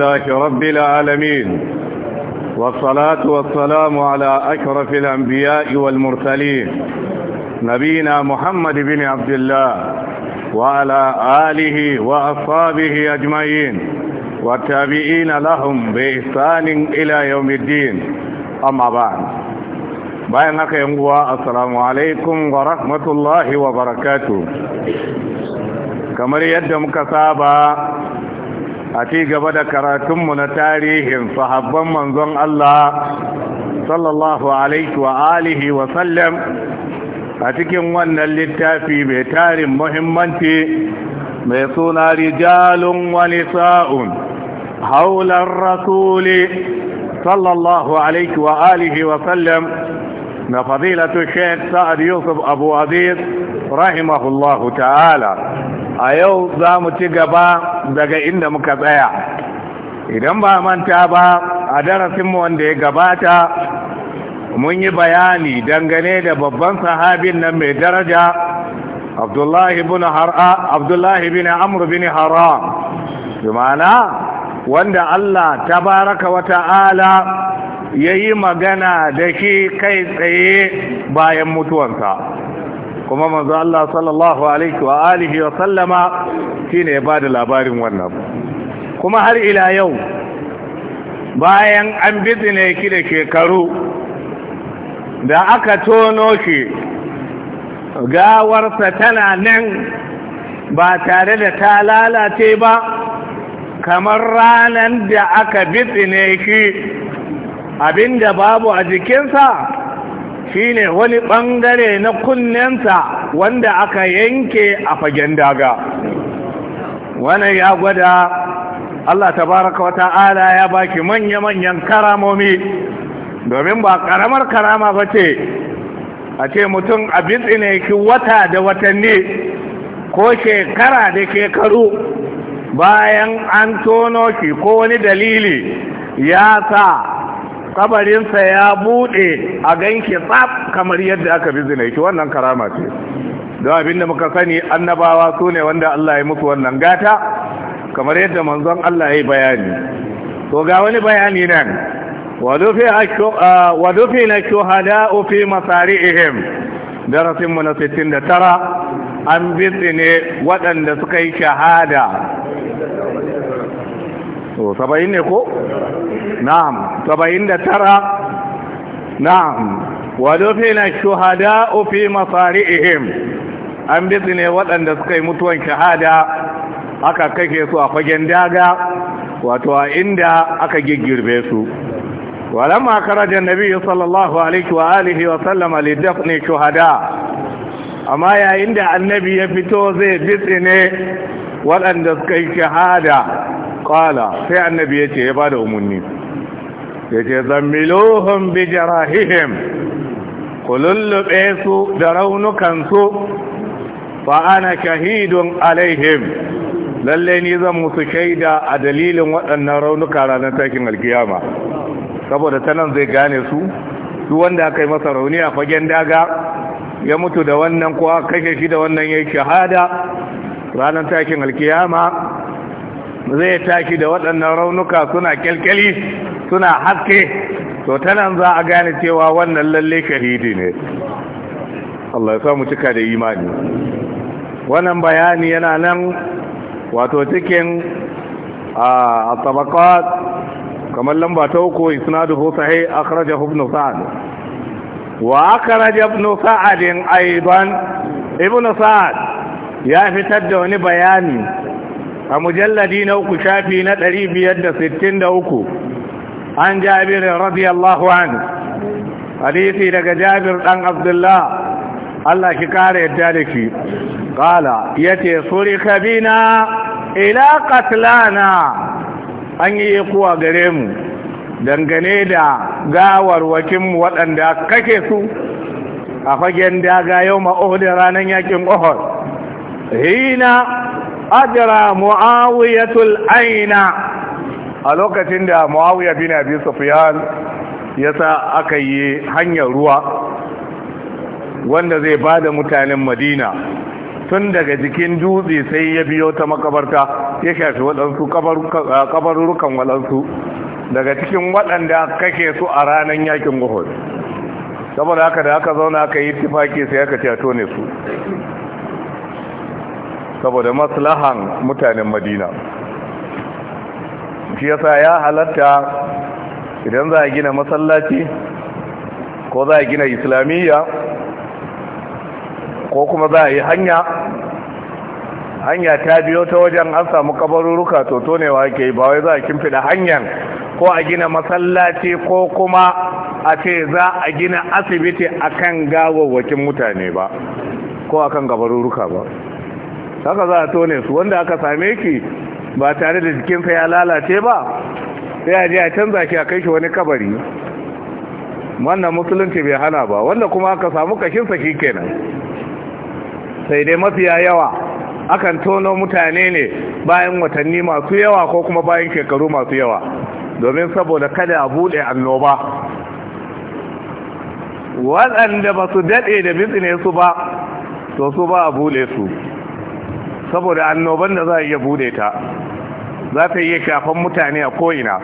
لله رب العالمين والصلاة والسلام على أشرف الأنبياء والمرسلين نبينا محمد بن عبد الله وعلى آله وأصحابه أجمعين والتابعين لهم بإحسان إلى يوم الدين أما بعد bayan haka yan عليكم ورحمة الله وبركاته كما wa barakatuh a ci gaba da karatunmu na tarihin sahabban manzon Allah sallallahu alaihi wa alihi wa sallam a cikin wannan littafi mai tarin muhimmanci mai suna rijalun wani sa'un, haular rasuli sallallahu alaihi wa alihi wa sallam na fadilatu sheikh sa'ad yusuf abu aziz rahimahullahu ta'ala a yau za mu ci gaba daga inda muka tsaya idan ba manta ba a darasinmu wanda ya gabata mun yi bayani dangane da babban sahabin nan mai daraja abdullahi bin har'a abdullahi bin amr bin haram maana wanda Allah tabaraka wa ta'ala yayi magana da shi kai tsaye bayan mutuwarsa. kuma manzo Allah sallallahu alaihi wa alihi wa sallama shine ya bada labarin wannan kuma har ila yau bayan an bizne ki da shekaru da aka tono shi gawarsa tana nan ba tare da ta lalace ba kamar ranar da aka bizne ki abinda babu a jikinsa Shi ne wani ɓangare na kunnensa wanda aka yanke a fagen daga wannan ya gwada Allah tabaraka wa ta'ala ya baki manya-manyan karamomi domin ba karamar karama ba ce a ce mutum abin tsinaki ki wata da watanni ko shekara da shekaru bayan an tono shi ko wani dalili ya sa kabarinsa ya buɗe a ganke tsaf kamar yadda aka bi zina wannan karama ce don abinda muka sani annabawa su ne wanda Allah ya musu wannan gata kamar yadda manzon Allah ya yi bayani to ga wani bayani nan wadufi na shuhada ofi masari ihim darasinmu na 69 an bi ne waɗanda suka yi shahada to saba'in ne ko na'am saba'in da tara na'am wado na shuhada fi masari'ihim an bisu ne waɗanda suka yi mutuwan shahada aka kake su a fagen daga wato a inda aka giggirbe su ولما خرج النبي صلى الله عليه وآله وسلم لدفن شهداء أما يا عند النبي يفتو زي waɗanda suka yi shahada. kala sai annabi ya ce ya ba bada Ya ce, zammilohun bi jarahihim kulullube su da raunukansu su ana shahidun alaihim lalle ni zan musu shaida a dalilin waɗannan raunuka ranar takin alkiyama saboda ta nan zai gane su su wanda aka yi masa rauni a fagen daga ya mutu da wannan kuwa kashe shi da wannan ya shahada ranar takin alkiyama zai taki da waɗannan raunuka suna kyalkyali suna haske to ta nan za a gane cewa wannan lalle shahidi ne Allah ya samu cika da imani wannan bayani yana nan wato cikin a tabakat kamar lamba ta uku isnaduhu sahih akhrajahu ibn sa'd wa akhraja ibn sa'd aidan ibn sa'd ya fitar da wani bayani a mujalladi na uku shafi na ɗari biyar da sittin da uku an jabir radiyallahu an hadisi daga jabir ɗan abdullah Allah ki kare yadda da ki, ƙala Yace ce suri kabina ila na. an yi kuwa gare mu dangane da gawar mu waɗanda kake su a fagen daga yau ma'uhu da ranar yakin ƙohor hina ajira muawiyatul aina a lokacin da muawiya bin abi sufyan yasa aka yi hanyar ruwa wanda zai ba da mutanen madina tun daga jikin dutse sai ya biyo ta makabarta ya shafi waɗansu kabarurukan waɗansu daga cikin waɗanda kake su a ranar yakin guhud saboda haka da aka zauna aka yi tifaki sai aka ce a tone su saboda maslahan mutanen madina shi yasa ya halatta idan za a gina masallaci ko za a gina islamiyya ko kuma za a yi hanya hanya ta biyo ta wajen an samu kabaruruka to tonewa wa yi ba wai za a kimfida hanyar ko a gina masallaci ko kuma a ce za a gina asibiti akan gawarwakin mutane ba ko akan gabaruruka ba haka za a tone su wanda aka same ki ba tare da jikinsa ya lalace ba sai a je a canza ki a kai shi wani kabari wannan musulunci bai hana ba wanda kuma aka samu kashinsa shi kenan sai dai mafiya yawa akan tono mutane ne bayan watanni masu yawa ko kuma bayan shekaru masu yawa domin saboda kada a buɗe annoba waɗanda ba su daɗe da bitsine su ba to su ba a buɗe su saboda annoban da za a iya bude ta za ta iya shafan mutane a ko'ina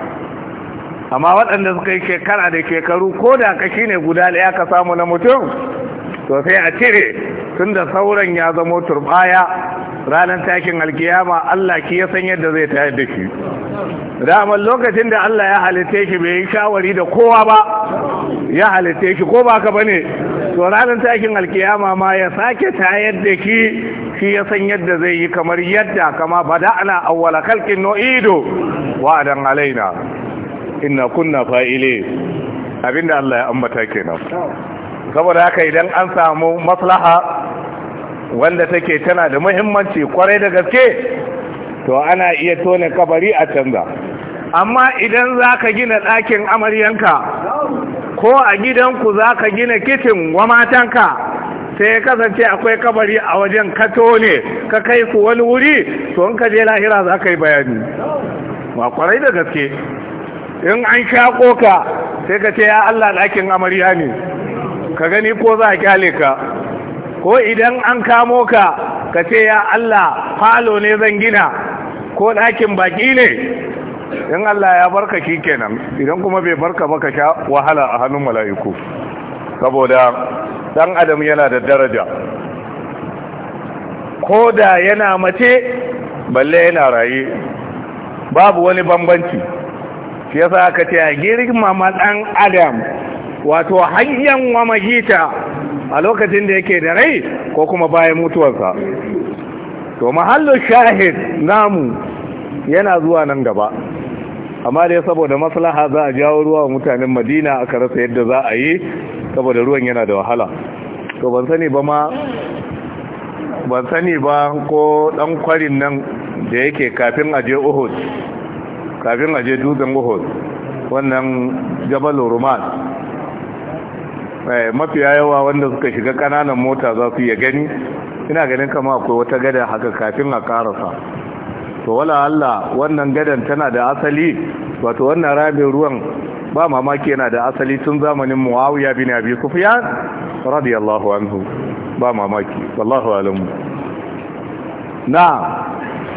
amma waɗanda suka yi shekara da shekaru ko da aka shi ne guda ɗaya ka samu na mutum to sai a cire tun da sauran ya zama turbaya ranar takin alkiyama Allah ki ya san yadda zai tayar da shi damar lokacin da Allah ya halitte shi bai yi shawari da kowa ba ya halitte shi ko ba ka bane to ranar takin alkiyama ma ya sake tayar da ki shi ya san yadda zai yi kamar yadda kama bada'ana awwala khalqin nu'idu wa'adan alaina inna kunna fa'ile abinda Allah ya ambata kenan saboda haka idan an samu maslaha wanda take tana da muhimmanci kwarai da gaske to ana iya tone kabari a canza amma idan za ka gina ɗakin amaryanka ko a gidanku za ka gina kicin wa matanka sai ya kasance akwai kabari a wajen ka tone ka kai su wani wuri to in ka je lahira za ka yi bayani ba kwarai da gaske in an shaƙo ka sai ka ce ya Allah ɗakin amarya ne ka gani ko za a kyale ka ko idan an kamo ka ka ce ya Allah falo ne zan gina ko ɗakin baƙi ne in Allah ya barka shi kenan idan kuma bai barka ba sha wahala a hannun mala'iku saboda ɗan adam yana da daraja ko da yana mace balle yana raye babu wani bambanci shi yasa ka ce a ma ɗan adam wato hanyar wa magita a lokacin da yake da rai ko kuma bayan mutuwarsa to mahallin shahid namu yana zuwa nan gaba amma dai saboda maslaha za a jawo ruwa wa mutanen madina aka rasa yadda za a yi saboda ruwan yana da wahala to ban sani ba ma ban sani ba ko ɗan kwarin nan da yake kafin aje uhud kafin aje dutsen uhud wannan jabal Eh, mafiya yawa wanda suka shiga kananan mota za su iya gani ina ganin kama akwai wata gada haka kafin a karasa to wala Allah wannan gadan tana da asali wato wannan rabin ruwan ba mamaki yana da asali tun zamanin muawiya bin abi sufyan radiyallahu anhu ba mamaki wallahu alam na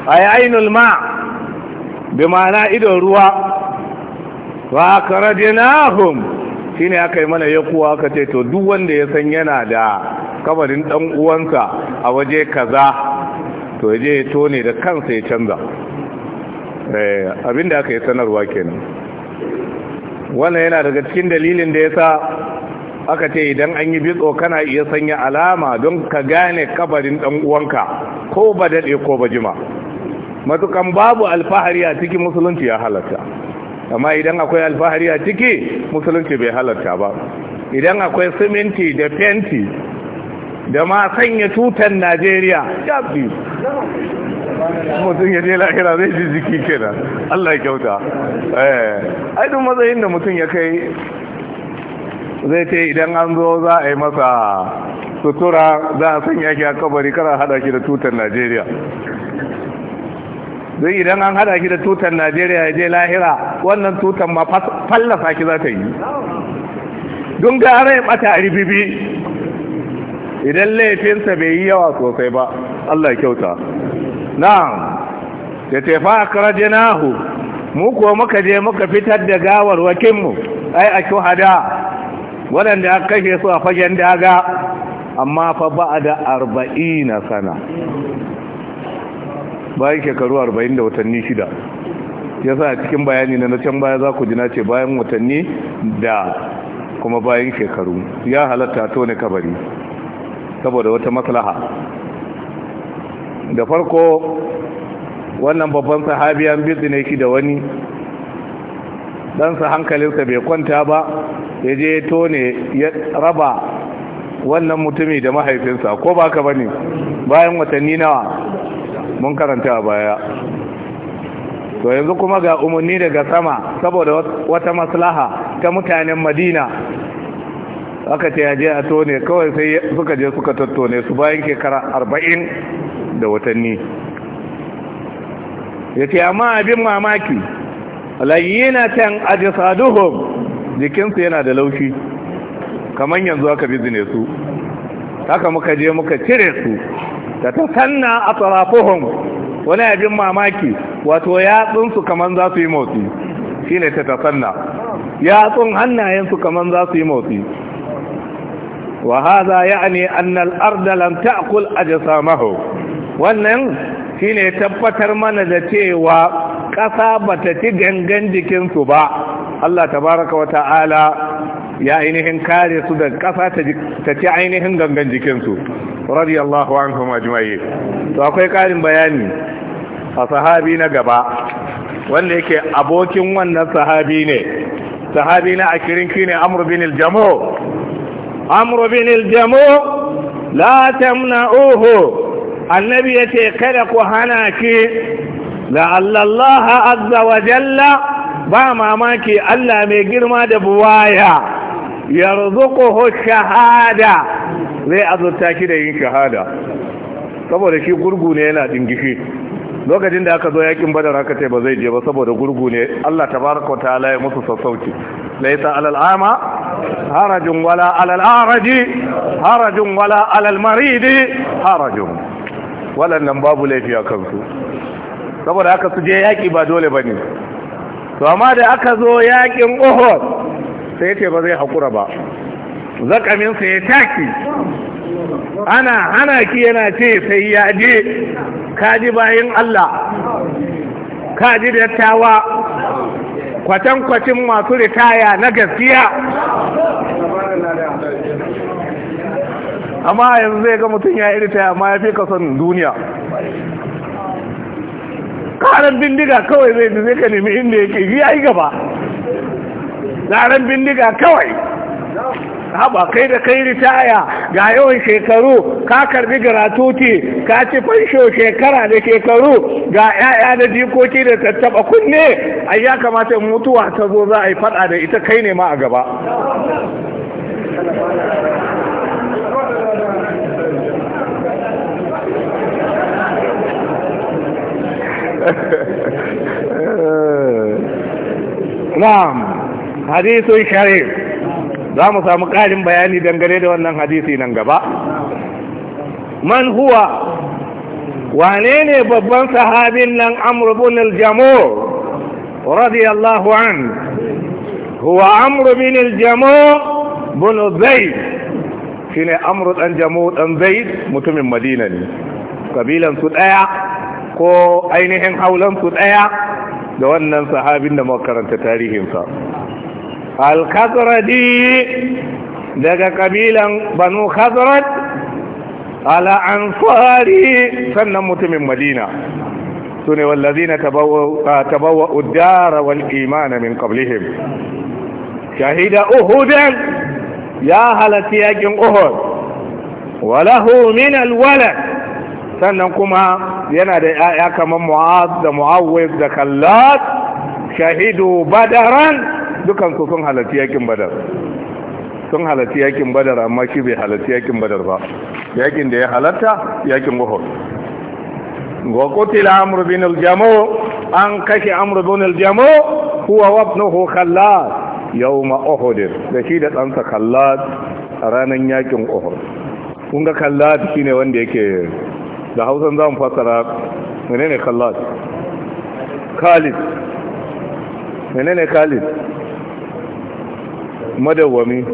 ay ainul ma bi ma'ana idon ruwa wa karadinahum shine aka yi mana ya kuwa aka ce to duk wanda ya san yana da kabarin dan uwansa a waje kaza to ya je ya tone da kansa ya canza eh abinda aka yi sanarwa kenan wannan yana daga cikin dalilin da yasa aka ce idan an yi bitso kana iya sanya alama don ka gane kabarin dan uwanka ko ba daɗe ko ba jima matukan babu alfahari a cikin musulunci ya halatta amma idan akwai alfahari a ciki musulunci bai halarta ba idan akwai siminti da fenti da ma sanya tutan najeriya yabi mutum ya je lahira zai ji jiki kenan allah ya kyauta eh, aidin matsayin da mutum ya kai zai ce idan an zo za a yi masa sutura za a sanya ki a kabari kara hada ki da tutan najeriya don idan an hada shi da tutar najeriya ya je lahira wannan tutar ma fallasa ki za ta yi don gara ya bata a ribibi idan laifinsa bai yi yawa sosai ba allah kyauta na'am da tefa akrajinahu mu ko muka je muka fitar da gawar wakinmu ai a shuhada waɗanda aka kashe su a fagen daga amma fa ba da arba'ina sana bayan shekaru 40 da watanni shida ya sa cikin bayani na can baya za ku ji na ce bayan watanni da kuma bayan shekaru ya halatta ne kabari saboda wata maslaha da farko wannan babban sahabi an ne shi da wani ɗansa hankalinsa bai kwanta ba ya je tone ya raba wannan mutumi da mahaifinsa ko ba ka bane bayan watanni nawa mun karanta a baya to yanzu kuma ga umarni daga sama saboda wata maslaha ta mutanen madina aka ce ya a tone kawai sai suka je suka tattone su bayan kekara arba'in da watanni ya ce amma abin mamaki layyina can ajisaduhum jikinsu yana da laushi kamar yanzu aka bizine su haka muka je muka cire su ta a atrafuhum wani abin mamaki wato yatsunsu kaman za su yi motsi shine ta yatsun hannayen su kaman za su yi motsi wa hadha ya'ni anna al-ard lam ta'kul wannan shine tabbatar mana da cewa ƙasa bata ci gangan jikinsu ba Allah tabaraka wa ta'ala ya ainihin kare su da ƙasa ta ci ainihin gangan jikinsu radiyallahu anhum ajma'i to akwai ƙarin bayani a sahabi na gaba wanda yake abokin wannan sahabi ne sahabi na kirinki ne amru bin al-jamu bin al-jamu la annabi yace kada ku hana ki la'alla azza wa jalla ba mamaki Allah mai girma da buwaya yarzuquhu shahada zai azurta shi da yin shahada saboda shi gurgu ne yana dingishi lokacin da aka zo yakin badar aka ce ba zai je ba saboda gurgu ne Allah tabaraka wataala ya musu sassauci laisa alal ama harajun wala alal araji harajun wala alal maridi harajun nan babu laifi a kansu saboda aka su je yaƙi ba dole ba ne to amma da aka zo yaƙin uhud sai ce ba zai haƙura ba zakaminsa ya taki ana hana ki yana ce sai ya je kaji bayan Allah kaji dattawa kwatankwacin masu ritaya na gaskiya amma yanzu zai ga mutum ya ritaya amma ya fi kasan duniya Karan bindiga kawai zai zai ka nemi inda yake ya yi gaba zaren bindiga kawai haba kai da kai ritaya ga yawan shekaru ka karbi garatuti ka ci fansho shekara da shekaru ga 'ya'ya da jikoki da tattaɓa kunne ai ya kamata mutuwa ta zo za a yi faɗa da ita kai ne ma a gaba na'am hadisun sharif za mu samu ƙarin bayani dangane da wannan hadisi nan gaba man huwa wane ne babban sahabin nan amru bin radiyallahu an huwa amru bin al-jamur bin zaid shine amru dan jamur dan zai mutumin madina ne kabilan su ko ainihin haulan su da wannan sahabin da makaranta tarihinsa al-khazradi daga kabilan banu khazrad ala ansari sannan mutumin madina sune wallazina tabawwa ad-dar wal imana min qablihim shahida uhudan ya halarci yakin uhud walahu min al-walad sannan kuma yana da ‘ya'ya kamar Mu'ad da mu'awwaz da kallat shahidu badaran dukansu sun halarci yakin badar sun halarci yakin badar amma shi bai halarci yakin badar ba yakin da ya halarta yakin uhud wa qutila amr bin al-jamu an kashe amr bin al-jamu huwa wabnuhu khallad yawma uhud da shi da sa khallad a ranan yakin uhud kun ga khallad shine wanda yake da Hausan zamu fassara menene khallad khalid menene khalid madawwami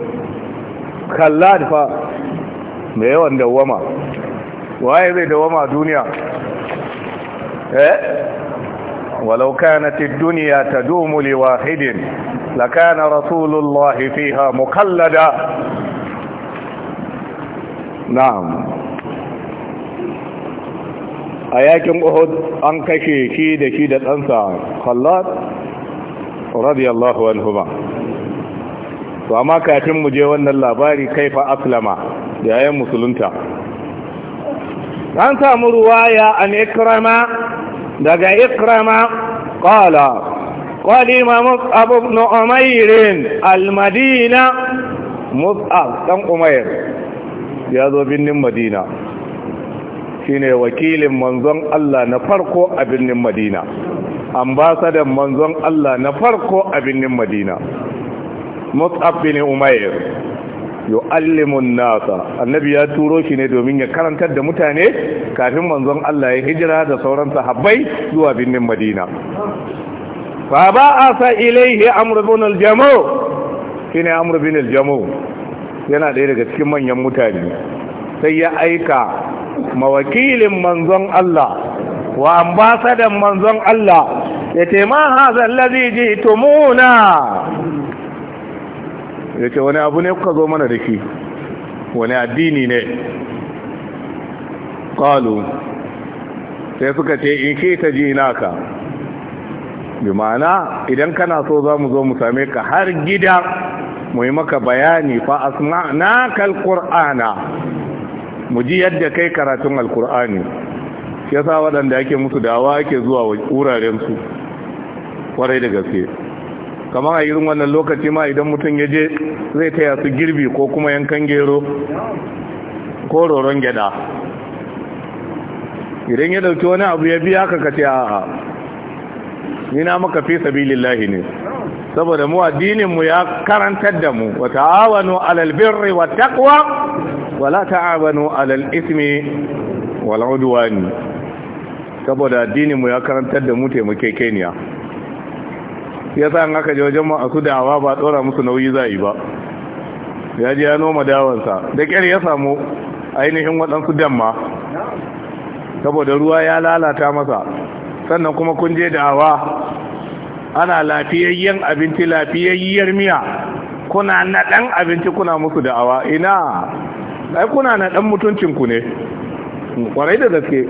kallad fa me yawan dawwama waye zai dawwama duniya eh walau kanat ad-dunya tadumu li wahidin lakana rasulullahi fiha mukallada na'am a yakin uhud an kashe shi da shi da ɗansa khallat radiyallahu anhu ba to amma kafin mu je wannan labari kaifa aslama yayin musulunta an samu ruwaya an ikrama daga ikrama qala قال إمام أبو بن عمير المدينة مصعب بن عمير يا ذو بن المدينة shine wakilin manzon Allah na farko a birnin Madina ambasadan manzon Allah na farko a birnin Madina mus'ab bin umair yu'allimun nasa annabi ya turo shi ne domin ya karantar da mutane kafin manzon Allah ya hijira da sauran sahabbai zuwa binnin Madina fa a sa ilaihi amr ibn al-jamu shine amr al-jamu yana ɗaya daga cikin manyan mutane sai ya aika mawakilin manzon Allah wa ambasadan manzon Allah ya ma tumuna ya wani abu ne kuka zo mana da shi wani addini ne ƙalu sai suka ce in ke ta ji naka bi ma'ana idan kana so za mu zo mu same ka har gida mu yi maka bayani fa asma na kalkur'ana mu ji yadda kai karatun alkur'ani ya sa waɗanda ake musu dawa ake zuwa wuraren su kwarai da gaske kamar a irin wannan lokaci ma idan mutum ya je zai taya su girbi ko kuma yankan gero ko roron gyada idan ya dauki wani abu ya biya ka kace a'a ni na maka fi sabilillahi ne saboda mu addinin mu ya karantar da mu wa ta'awanu alal birri wat taqwa wa la ta'awanu alal ismi wal udwani saboda addinin mu ya karantar da mu taimakekeniya ya sa aka je wajen masu dawa ba tsora musu nauyi za ba ya ji ya noma dawansa da ƙyar ya samu ainihin waɗansu damma saboda ruwa ya lalata masa sannan kuma kun je dawa ana lafiyayyen abinci lafiyayyar miya kuna na ɗan abinci kuna musu da'awa ina ai kuna na ɗan mutuncinku ne kwarai da gaske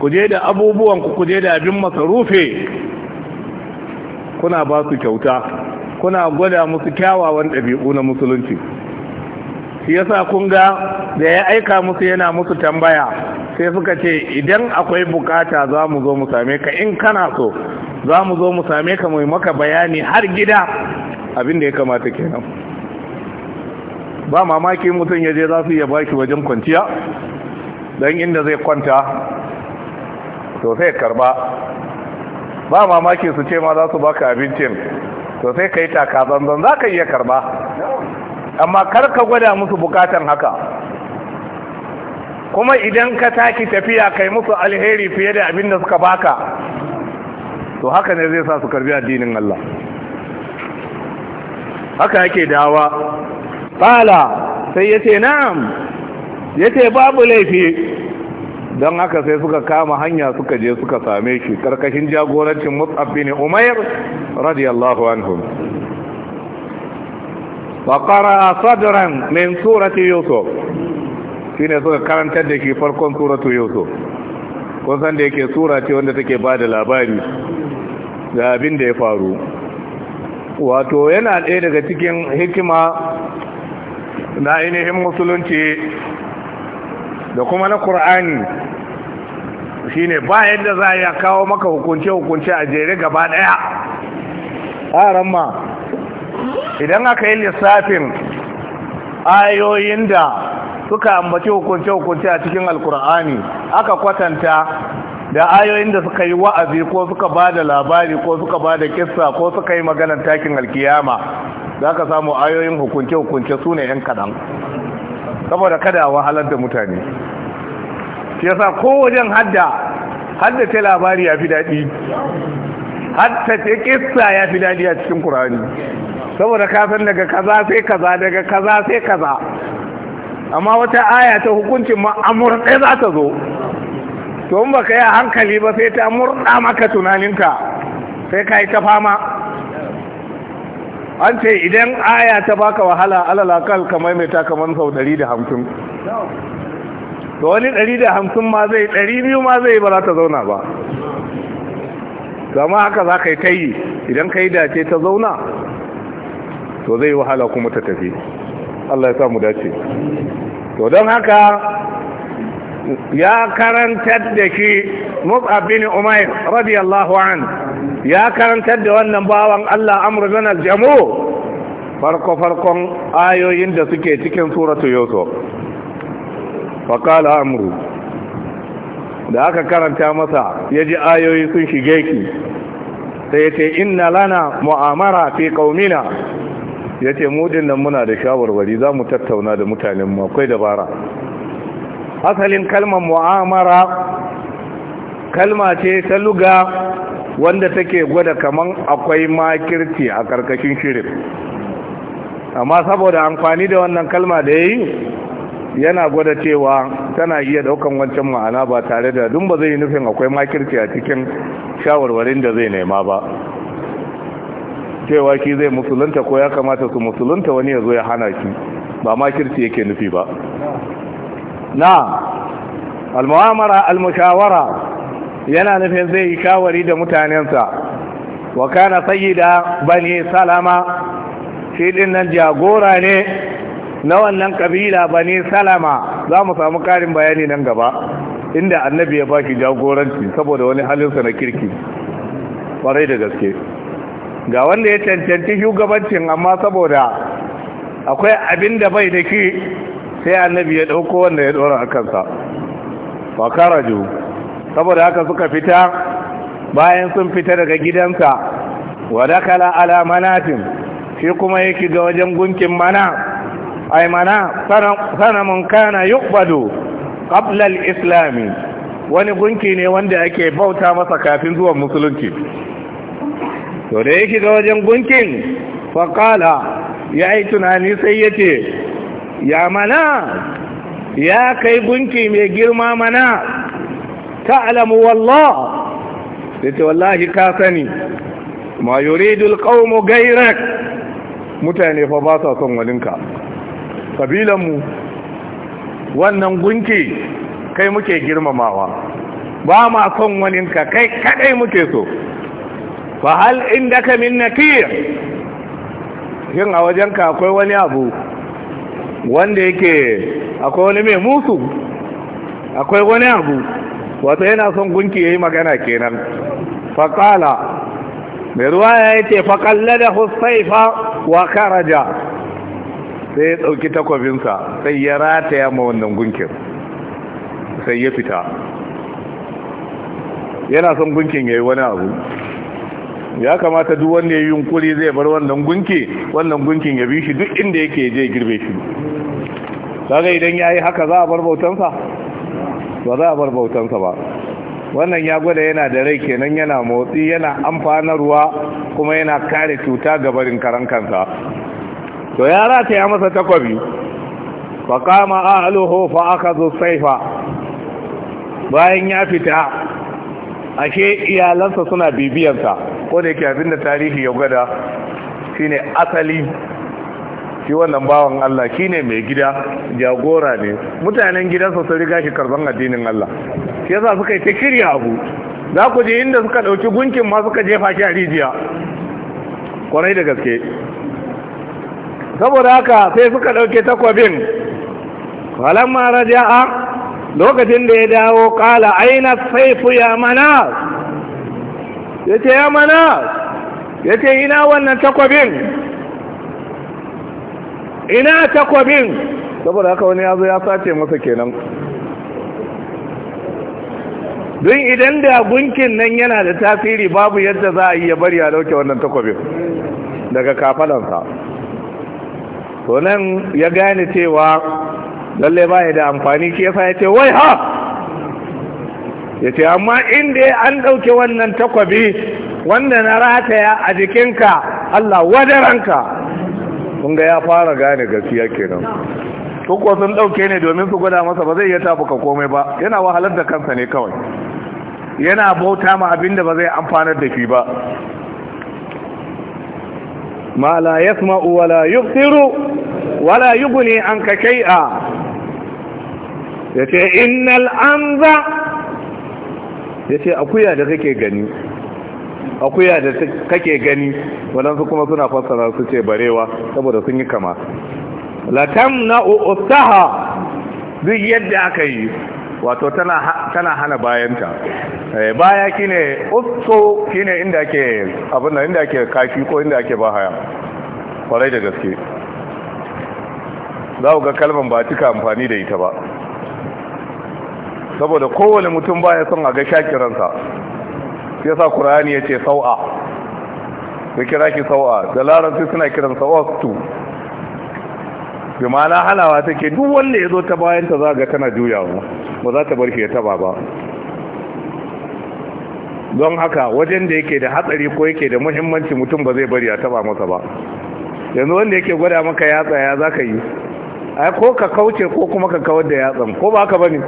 ku je da abubuwanku ku je da abin masarufe kuna ba su kyauta kuna gwada musu kyawawan ɗabi'u na musulunci shi yasa kun ga da ya aika musu yana musu tambaya sai suka ce idan akwai bukata za mu zo mu same ka in kana so za mu zo mu same ka mai maka bayani har gida abin da ya kamata kenan ba mamaki mutum ya je za su iya baki wajen kwanciya don inda zai kwanta to sai karba ba mamaki su ce ma za su baka abincin to sai ka yi taka zanzan za ka iya karba amma kar ka gwada musu bukatan haka kuma idan ka taki tafiya kai musu alheri fiye da abin da suka baka to haka ne zai sa su karbi addinin Allah haka yake dawa fala sai yace na'am yace babu laifi don haka sai suka kama hanya suka je suka same shi karkashin jagorancin mus'ab bin umair radiyallahu anhu wa qara sadran min surati yusuf shine suka karantar da shi farkon suratu yusuf kun san da yake sura ce wanda take da labari ga abin da ya faru wato yana ɗaya daga cikin hikima na ainihin musulunci da kuma na ƙur'ani shine ba yadda za a kawo maka hukunce-hukunce a jere gaba daya a ma idan aka yi lissafin ayoyin da suka ambaci hukunce-hukunce a cikin alkur'ani aka kwatanta da ayoyin da suka yi wa'azi ko suka ba da labari ko suka ba da kissa ko suka yi maganar takin alkiyama za ka samu ayoyin hukunce-hukunce su ne 'yan kaɗan saboda kada a wahalar da mutane yasa ko wajen hadda hadda ta labari ya fi daɗi hadda ta kissa ya fi daɗi a cikin ƙur'ani, saboda ka daga kaza sai kaza daga kaza sai kaza amma wata aya ta hukuncin ma'amur ɗaya za ta zo to ba ka yi hankali ba sai ta murɗa maka tunaninka sai ka yi ta fama an ce idan aya ta baka wahala alalakal kamar mai ta kamar sau 150 to wani ɗari da hamsin ma zai ɗari biyu ma zai ba za ta zauna ba zama haka za ka yi ta yi idan ka yi dace ta zauna to zai wahala kuma ta tafi Allah ya samu dace to don haka ya karantar da shi Mus'ab bin Umair radiyallahu an ya karantar da wannan bawan Allah Amr bin al farko farkon ayoyin da suke cikin suratu Yusuf faƙala amuru da aka karanta masa ya ji ayoyi sun shige ki sai ya ce inna lana mu'amara fi ƙaumina ya ce mudin nan muna da shawarwari za mu tattauna da mutanen akwai dabara asalin kalmar mu'amara kalma ce ta luga wanda take gwada kaman akwai makirci a karkashin shirin amma saboda amfani da wannan kalma da ya yi yana gwada cewa tana iya daukan wancan ma'ana ba tare da dun ba zai nufin akwai makirci a cikin shawarwarin da zai nema ba cewa ki zai musulunta ko ya kamata su musulunta wani ya zo ya hana ki ba makirci yake nufi ba na almu'amara almushawara yana nufin zai yi shawari da mutanensa wa kana sayyida bani salama shi din nan jagora ne na wannan kabila bani salama za mu samu karin bayani nan gaba inda annabi ya baki jagoranci saboda wani halinsa na kirki kwarai da gaske ga wanda ya cancanci shugabancin amma saboda akwai abin da bai da ke sai annabi ya ɗauko wanda ya ɗora a kansa ba karaju saboda haka suka fita bayan sun fita daga gidansa wa dakala ala manatin shi kuma yake ga wajen gunkin mana mana sanamun kana yuqbadu qabla al-islam wani gunki ne wanda ake bauta masa kafin zuwan musulunci to da yake ga wajen gunkin faƙala ya yi tunani sai yace ce ya mana ya kai gunki mai girma mana ta alamu wallah da wallahi ka sani ma al-qawmu gairak mutane fa ba sa son walinka kabilanmu wannan gunki kai muke girmamawa ba ma son waninka kai kadai muke so fa hal indaka min nakir yin a wajenka akwai wani abu wanda yake akwai wani mai musu akwai wani abu wato yana son gunki yayi magana kenan faqala mai ruwa ya ce faƙalla da husaifa wa karaja sai ya ɗauki takwabinsa sai ya rataya ma wannan gunkin sai ya fita yana son gunkin ya yi wani abu ya kamata duk wanda ya yi yunkuri zai bar wannan gunki wannan gunkin ya bi shi duk inda yake je girbe shi daga idan ya yi haka za a bar bautansa ba za a bar bautansa ba wannan ya gwada yana da rai kenan yana motsi yana amfanarwa kuma yana kare cuta gabarin barin karankansa. to ya rata ya masa takwabi fa kama ahluhu fa akhadhu saifa bayan ya fita ashe iyalansa suna bibiyansa ko da yake abinda tarihi ya gwada shine asali shi wannan bawan Allah shine mai gida jagora ne mutanen gidansa sun riga shi karban addinin Allah shi yasa suka yi ta shirya abu za ku je inda suka dauki gunkin ma suka jefa shi a rijiya kwarai da gaske saboda haka sai suka ɗauke takwabin mara ja'a lokacin da ya dawo ƙala aina saifu ya mana ya ce ya mana ya ce ina wannan takwabin ina takwabin saboda haka wani ya zo ya sace masa kenan don idan da gunkin nan yana da tasiri babu yadda za a yi ya bari ya dauke wannan takwabin daga kafalansa to nan ya gane cewa lalle ba da amfani shi yasa ya ce wai ha ya ce amma inda an ɗauke wannan takwabi wanda na rataya a jikinka Allah wadaranka kun ga ya fara gane gaskiya kenan su sun ɗauke ne domin su gwada masa ba zai iya tafuka komai ba yana wahalar da kansa ne kawai yana bauta ma abin da ba zai amfanar da shi ba ma la yasma'u wa la yubsiru wa la yughni yace innal anza yace akuya da kake gani akuya da kake gani wadansu kuma suna fassara su ce barewa saboda sun yi kama Latam tamna'u duk yadda aka yi wato tana hana bayanta eh, baya kine usko ne inda ake abin inda ake kashi ko inda ake haya kwarai da gaske za ku ga kalman ba cika amfani da ita ba saboda kowane mutum baya son a ga shakiransa ya sa kurani ya ce sau'a da kira ki sau'a da larabci suna kiran sau'astu bi ma'ana halawa take duk wanda ya zo ta bayanta za ga tana juyawa ba za ta bar shi ya taba ba don haka wajen da yake da hatsari ko yake da muhimmanci mutum ba zai bari ya taba masa ba yanzu wanda yake gwada maka yatsa ya za ka yi a ko ka kauce ko kuma ka kawar da yatsan ko ba ka bane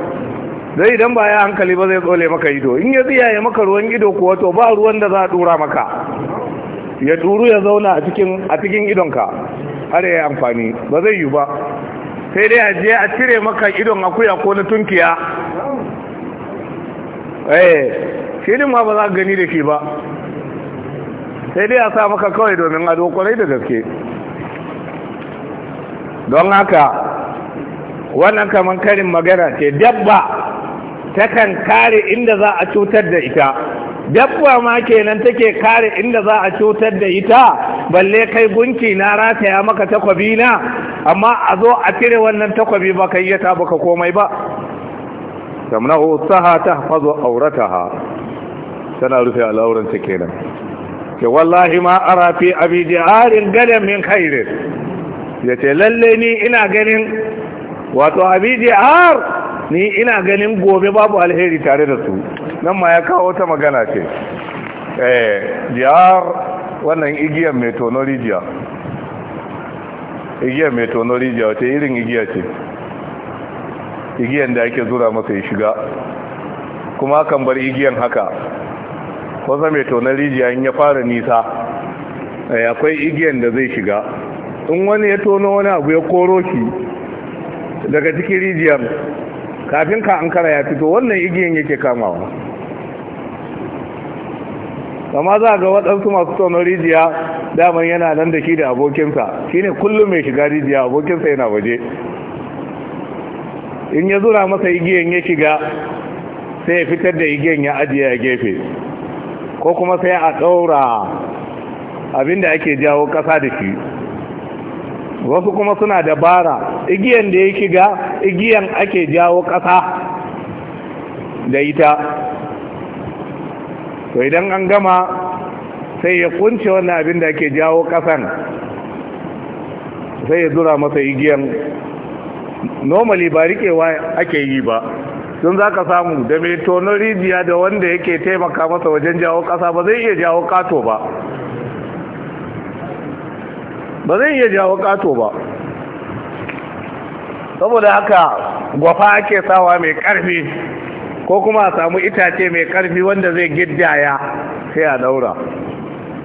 zai idan ba ya hankali ba zai tsole maka ido in ya tsiyaye maka ruwan ido kuwa to ba ruwan da za a dura maka ya turu ya zauna a cikin idonka har ya yi amfani ba zai yi ba sai dai a a cire maka idon akuya ko na tunkiya eh shirin ma ba za gani da shi ba sai dai a sa maka kawai domin ado kwarai da gaske don haka wannan kamar karin magana ce dabba takan kare inda za a cutar da ita dabba ma kenan take kare inda za a cutar da ita balle kai gunki na rataya maka takwabi na amma a zo a cire wannan takwabi ba ka yi ta baka komai ba tamnahu saha tahfazu aurataha tana rufe al'auran ta kenan ke wallahi ma ara fi abi jarin gadan min Ya yace lalle ni ina ganin wato abi jar ni ina ganin gobe babu alheri tare da su nan ma ya kawo ta magana ce eh jihar wannan igiyar mai tono rijiya igiyar mai tono rijiya wata irin igiya ce igiyar da ake zura masa ya shiga kuma kan bar igiyar haka wasa mai tono rijiya in ya fara nisa eh, akwai igiyar da zai shiga in wani ya tono wani abu ya koro shi daga cikin rijiyar kafin ka an kara ya fito wannan igiyan yake kamawa amma za ga waɗansu masu tonon rijiya daman yana nan da shi da abokinsa shi ne kullum mai shiga rijiya abokinsa yana waje in ya zura masa igiyan ya shiga sai ya fitar da igiyan ya ajiye a gefe ko kuma sai a ɗaura abinda ake jawo ƙasa da shi wasu kuma suna da bara igiyan da ya shiga igiyan ake jawo ƙasa da ita to idan an gama sai ya kunce wannan abin da ake jawo ƙasan sai ya zura masa igiyan normally ba rikewa ake yi ba sun za ka samu da mai tono rijiya da wanda yake taimaka masa wajen jawo ƙasa ba zai iya jawo ƙato ba ba zai iya jawo kato ba saboda haka gwafa ake sawa mai karfi ko kuma a samu itace mai karfi wanda zai giddaya sai a daura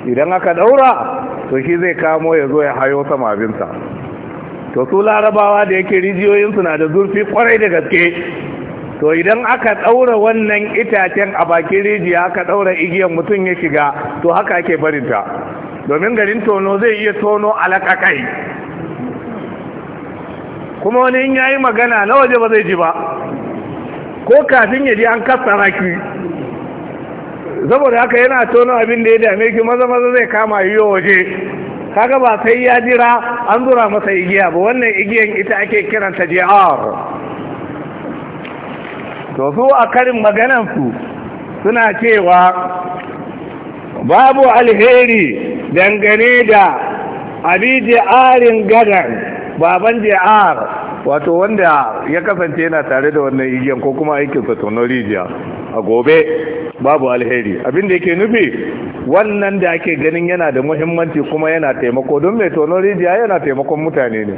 idan aka daura to shi zai kamo ya zo ya hayo sama abinta to su larabawa da yake rijiyoyinsu na da zurfi kwarai da gaske to idan aka daura wannan itacen a bakin rijiya aka daura igiyar mutum ya shiga to haka ake barinta domin garin tono zai iya tono alaƙaƙai kuma wani in yayi magana na waje ba zai ji ba ko kafin ya ji an kassara ki saboda haka yana tono abin da ya dame ki maza maza zai kama yiwo waje kaga ba sai ya jira an zura masa igiya ba wannan igiyan ita ake kiranta jihar to su a karin maganansu suna cewa babu alheri dangane da abi arin gadan baban ar wato wanda ya kasance yana tare da wannan igiyan ko kuma aikinsa rijiya a gobe babu alheri abinda yake nufi wannan da ake ganin yana da muhimmanci kuma yana taimako don mai tonorijiya yana taimakon mutane ne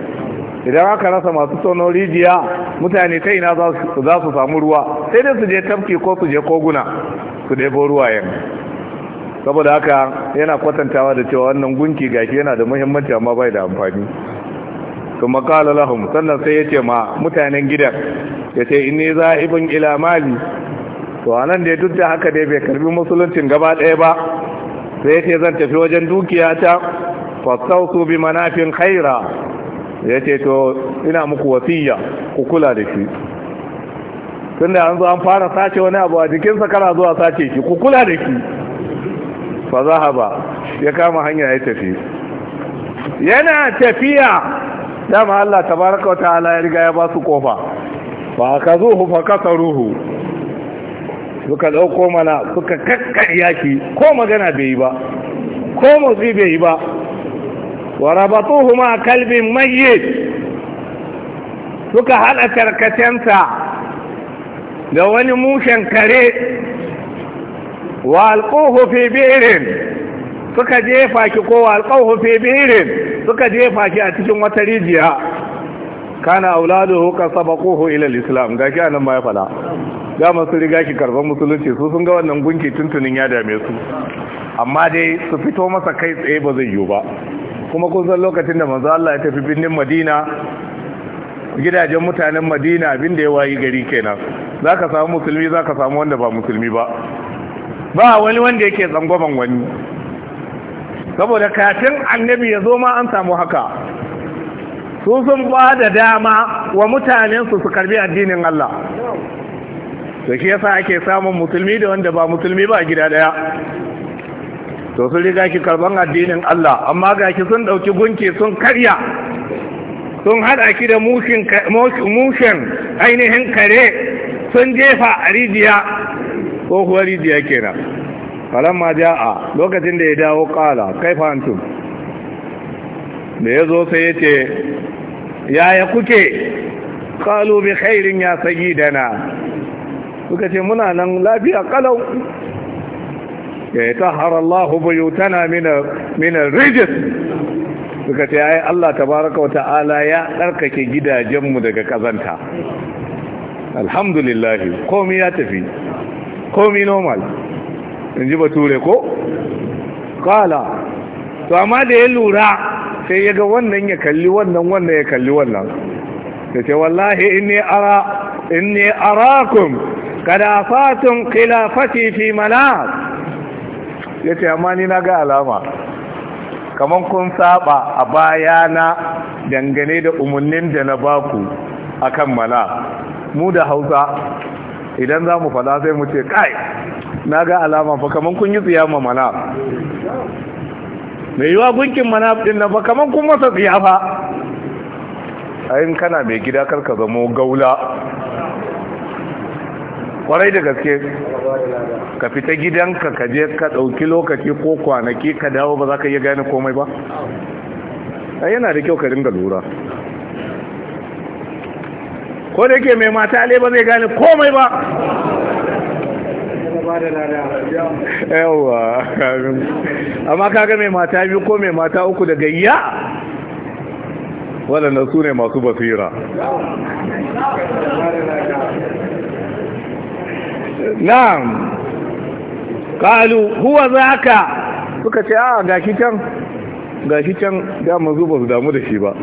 idan aka rasa masu tono rijiya mutane ta ina za su samu ruwa sai dai su je tafki ko su je koguna su ɗebo ruwayen saboda haka yana kwatantawa da cewa wannan gunki gashi yana da muhimmanci amma bai da amfani to qala lahum sannan sai yace ma mutanen gidan yace inni za'ibun ila mali to anan da duk da haka dai bai karbi musuluncin gaba daya ba sai yace zan tafi wajen dukiyata sautu bi manafin khaira yace to ina muku wasiya ku kula da shi tunda an zo an fara sace wani abu a jikinsa kana zuwa sace shi ku kula da shi fa ba ya kama hanya ya tafi yana tafiya dama Allah tabaraka wa ta'ala ya riga ya ba su kofa fa akazuhu fa saruhu suka dauko mana suka kakka yaki ko magana bai yi ba ko motsi bai yi ba wa rabatuhu ma kalbin mayyit suka hada tarkacensa da wani mushen kare wa fi bi'rin suka jefa ki ko wa fi bi'rin suka jefa ki a cikin wata rijiya kana auladuhu ka sabaquhu ila alislam islam gashi anan ma ya fada riga ki karban musulunci su sun ga wannan gunki tuntunin ya dame su amma dai su fito masa kai tsaye ba zai yiwu ba kuma kun san lokacin da manzo Allah ya tafi binnin Madina gidajen mutanen Madina abin da ya wayi gari kenan zaka samu musulmi zaka samu wanda ba musulmi ba ba wani wanda yake zangoban wani saboda kafin annabi ya zo ma an samu haka su sun ba da dama wa mutanensu su karbi addinin Allah da shi yasa ake samun musulmi da wanda ba musulmi ba gida daya to sun riga ki karban addinin Allah amma ga ki sun dauki gunki sun karya sun hada ki da mushin mushin ainihin kare sun jefa a rijiya tsohuwar rijiya kenan ma ja'a lokacin da ya dawo kala kai antum da ya zo sai ya ce yaya kuke kalu bi khairin ya sayyidana suka ce muna nan lafiya kalau ya ta Harallahu bayu tana minar rijis suka ce ai Allah tabaraka ta'ala ya ɗarkake gidajenmu daga kazanta alhamdulillah komai ya tafi komi normal in ji bature ko kala to amma da ya lura sai ya ga wannan ya kalli wannan wannan ya kalli wannan da ce wallahi in ara inni kada fatun fi manas ce amma ni na ga alama Kamar kun saba a bayana dangane da umarnin da na baku akan mana. mu da Hausa idan za mu fada sai mu ce kai na ga alama fa kaman kun yi tsiyama mana mai yiwa gunkin mana din na fa kaman kun masa tsiyafa ayin kana mai gida karka zamo gaula kwarai da gaske ka fita gidanka ka je ka ɗauki lokaci ko kwanaki ka dawo ba za ka iya gane komai ba yana da kyau ka ringa lura ko da yake mai mata ale ba zai gane komai ba yawa amma kaga mai mata biyu ko mai mata uku da gayya waɗanda su ne masu basira na'am kalu huwa zaka suka ce a ah, gashi can gashi can damar zuba su damu da shi ba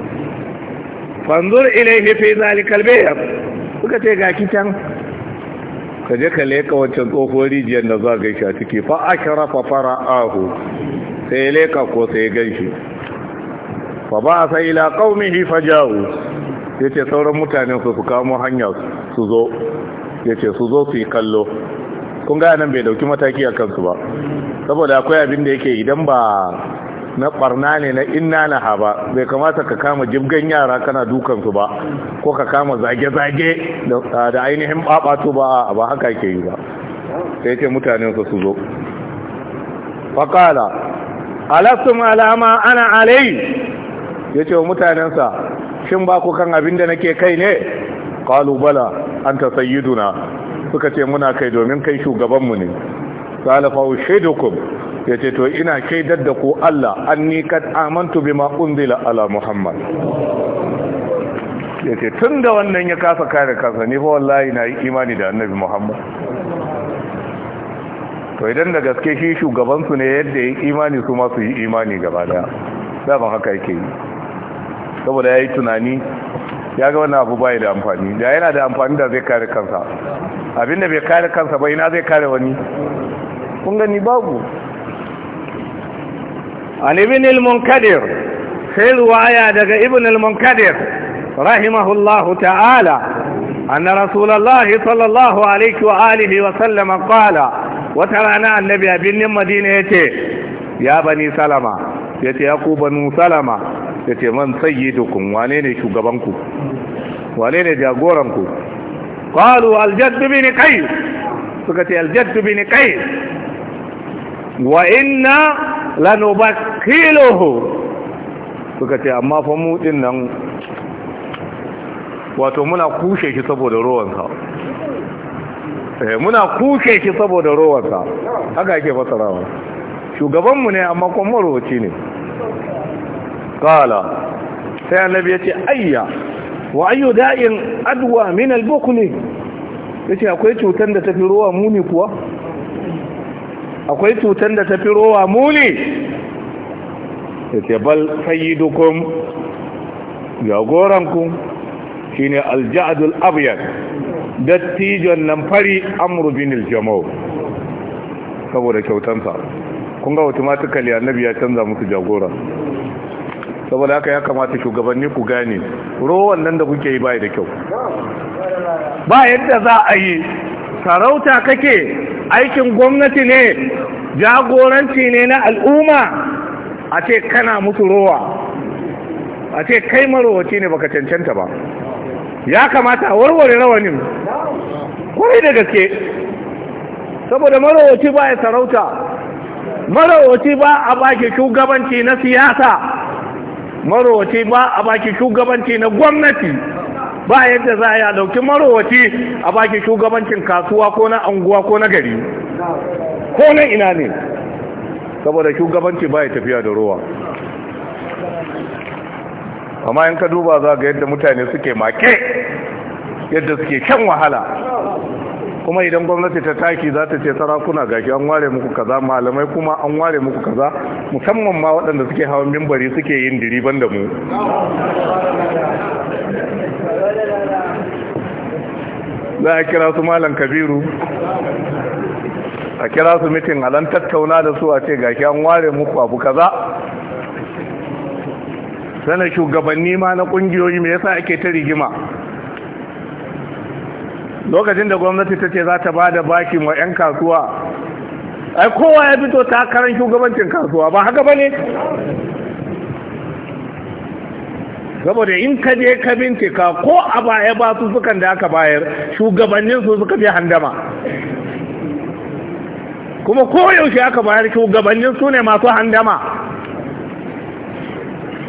fanzur ilaihi fi zalikal bayr suka ce ga kitan ka je ka leka wancan tsohuwar rijiyar da za gaishe a ciki fa ashrafa fara'ahu sai leka ko sai ganshi fa ba sa ila qaumihi fajahu yace sauran mutanen su su kamo hanya su zo yace su zo su yi kallo kun ga nan bai dauki mataki a kansu ba saboda akwai abin da yake idan ba na barna ne na inna na haba bai kamata ka kama jibgan yara kana dukansu ba ko ka kama zage-zage da ainihin babatu ba ba haka ke yi ba sai ce mutanen su zo faƙala alastum alama ana alai ya ce wa mutanensa shin ba ku kan abin da nake kai ne kalubala an ta sayyiduna suka ce muna kai domin kai shugabanmu ne qala fa ushidukum yace to ina shaidar da ku Allah ni kad amantu bima unzila ala muhammad yace da wannan ya kasa kare kansa ni fa wallahi na yi imani da annabi muhammad to idan da gaske shi shugabansu ne yadda ya imani su masu yi imani gaba daya daban haka yake yi saboda ya yi tunani ya ga wannan abu bai da amfani da yana da amfani da zai kare kansa abinda bai kare kansa ba ina zai kare wani kun gani babu an ibn al-munkadir sai ruwaya daga ibn al-munkadir rahimahullahu ta'ala anna rasulullahi sallallahu alaihi wa alihi wa sallama qala wata rana annabi abin birnin madina yace ya bani salama yace ya ku banu salama ya ce man sayyidukum wane ne shugabanku wane ne jagoranku qalu aljadd bin qais suka ce aljadd bin qais wa inna lanubakkiluhu suka ce amma fa mu din nan wato muna kushe shi saboda rowansa eh, muna kushe shi saboda rowansa, haka yake fasarawa shugabanmu ne amma kuma marowaci ne qala sai annabi ce, ayya wa ayyu da'in adwa min al-bukli yace akwai cutar da fi rowa muni kuwa akwai cutar da fi rowa muni yace bal sayyidukum jagoranku shine al-ja'dul abyad dattijon nan fari amru bin al-jamal saboda kyautansa kun ga automatically annabi ya canza musu jagora saboda haka ya kamata shugabanni ku gane rowan nan da kuke yi bai da kyau ba yadda za a yi sarauta kake aikin gwamnati ne jagoranci ne na al'umma a ce kana musu rowa a ce kai marowaci ne baka cancanta ba ya kamata warware rawanin kwarai da gaske saboda marowaci ba ya sarauta marowaci ba a baki shugabanci na siyasa marowaci ba a baki shugabanci na gwamnati ba yadda za a dauki marowaci a baki shugabancin kasuwa ko na anguwa ko na gari ko na ina ne saboda shugabanci ba ya tafiya da ruwa amma yanka duba za ga yadda mutane suke make yadda suke shan wahala kuma idan gwamnati ta taki za ta ce sarakuna gashi an ware muku kaza malamai kuma an ware muku kaza musamman ma waɗanda suke hawan mimbari suke yin diriban da mu za a kira su malam kabiru a kira su mitin alan tattauna da su a ce gashi an ware muku abu kaza sana shugabanni ma na kungiyoyi me yasa ake ta rigima lokacin da gwamnati ta ce za ta ba da bakin wa 'yan kasuwa ai kowa ya fito ta karan shugabancin kasuwa ba haka ba ne saboda in ka je ka bincika ko a baya ba su sukan da aka bayar shugabannin su suka je handama kuma ko yaushe aka bayar shugabannin su ne masu handama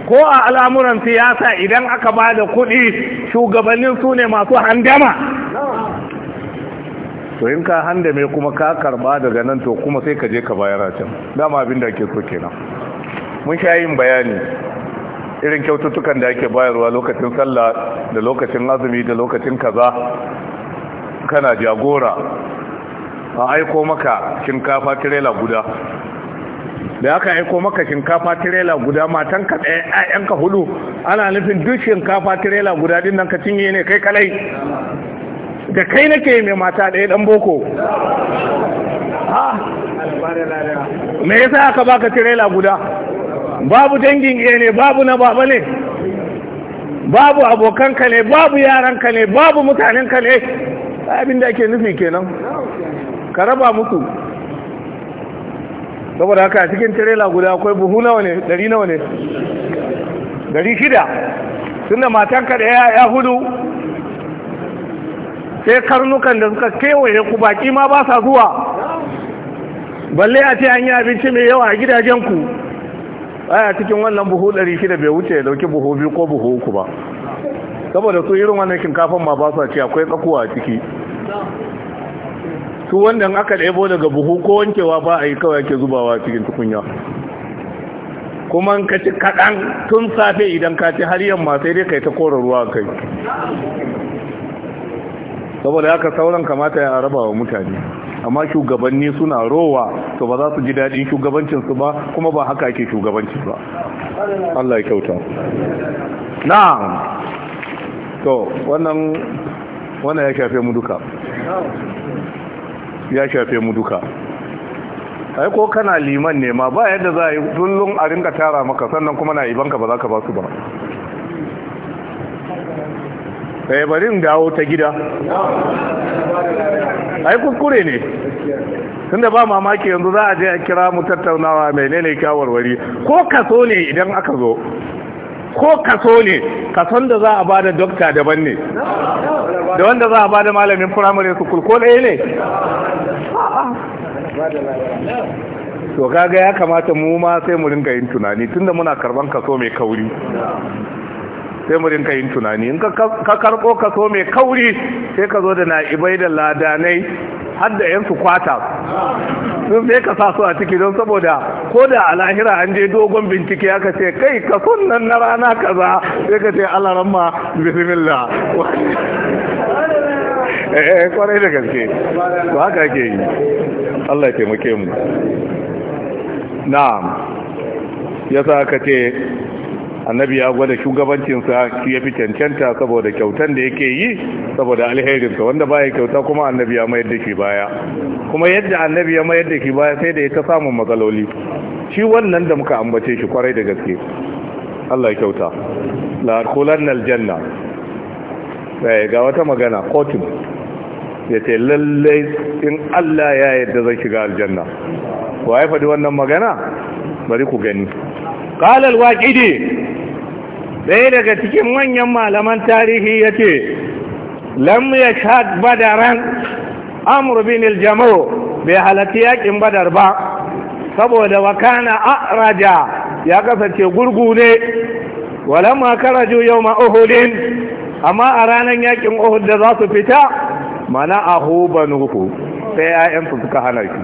ko a al'amuran siyasa idan aka ba da kuɗi shugabannin su ne masu handama to in ka handa mai kuma ka karba daga nan to kuma sai ka je ka bayar a can dama abin da ake so kenan mun sha yin bayani irin kyaututtukan da ake bayarwa lokacin sallah da lokacin azumi da lokacin kaza kana jagora a aiko maka shinkafa tirela guda da aka aiko maka shinkafa tirela guda matan ka ɗaya hudu ana nufin duk shinkafa tirela guda din nan ka cinye ne kai kalai da kai nake mai mata ɗaya ɗan boko me yasa aka baka tirela guda babu dangin iya ne babu na baba ne babu abokanka ne babu yaranka ne babu mutanenka ne abin da ake nufi kenan ka raba mutu saboda haka cikin tirela guda akwai buhu nawa ne dari nawa ne dari shida tunda matanka da ya hudu sai karnukan da suka kewaye ku baki ma ba sa zuwa balle a ce an yi abinci mai yawa a gidajenku a cikin wannan buhu ɗari shida bai wuce ya dauki buhu biyu ko buhu uku ba saboda su irin wannan shinkafin ma ba sa ce akwai tsakuwa a ciki su wanda aka ɗebo daga buhu ko wankewa ba a yi kawai ake zubawa cikin tukunya kuma ka ci kaɗan tun safe idan ka ci har yamma sai dai kai ta kora ruwa kai saboda haka sauran kamata ya raba wa mutane amma shugabanni suna rowa to ba za su ji daɗin shugabancinsu ba kuma ba haka ake shugabanci ba Allah ya kyauta na'am to wannan wannan ya shafe mu duka ya shafe mu duka ai ko kana liman ne ma ba yadda za a yi kullum a rinka tara maka sannan kuma na ibanka ba za ka ba su ba eh bari in dawo ta gida ai kuskure ne tunda ba mamaki yanzu za a je a kira mu tattaunawa menene kyawarwari ko kaso ne idan aka zo ko kaso ne kason da za a bada dokta daban ne da wanda za a bada malamin firamare su ko ɗaya ne to kaga ya kamata mu ma sai mu ringa yin tunani tunda muna karban kaso mai kauri sai mu rinka yin tunani in ka karɓo kaso mai kauri sai ka zo da na'ibai da ladanai har da yansu kwata sun sai ka sa su a ciki don saboda ko da a lahira an je dogon bincike aka ce kai sun nan na rana kaza sai ka ce ramma bismillah eh kwarai da gaske ba haka ke yi Allah ya taimake mu na'am yasa ka ce annabi ya gwada shugabancinsa shi ya fi cancanta saboda kyautan da yake yi saboda alherinsa wanda ba ya kyauta kuma annabi ya mayar da shi baya kuma yadda annabi ya mayar da shi baya sai da ya ta samun matsaloli shi wannan da muka ambace shi kwarai da gaske Allah ya kyauta la kulan aljanna Sai eh, ga wata magana Ya ce lalle in Allah ya yarda zai shiga aljanna waye fadi wannan magana bari ku gani qala alwaqidi ɗaya daga cikin manyan malaman tarihi ya ce lam ya shad badaran amur bin iljamo bai halatti yakin badar ba saboda wakana a raja ya kasance gurgu ne walamma karaju yau ma ma'uhudin amma a ranar yakin uhud da za su fita mana a nuhu sai 'ya'yansu suka hana shi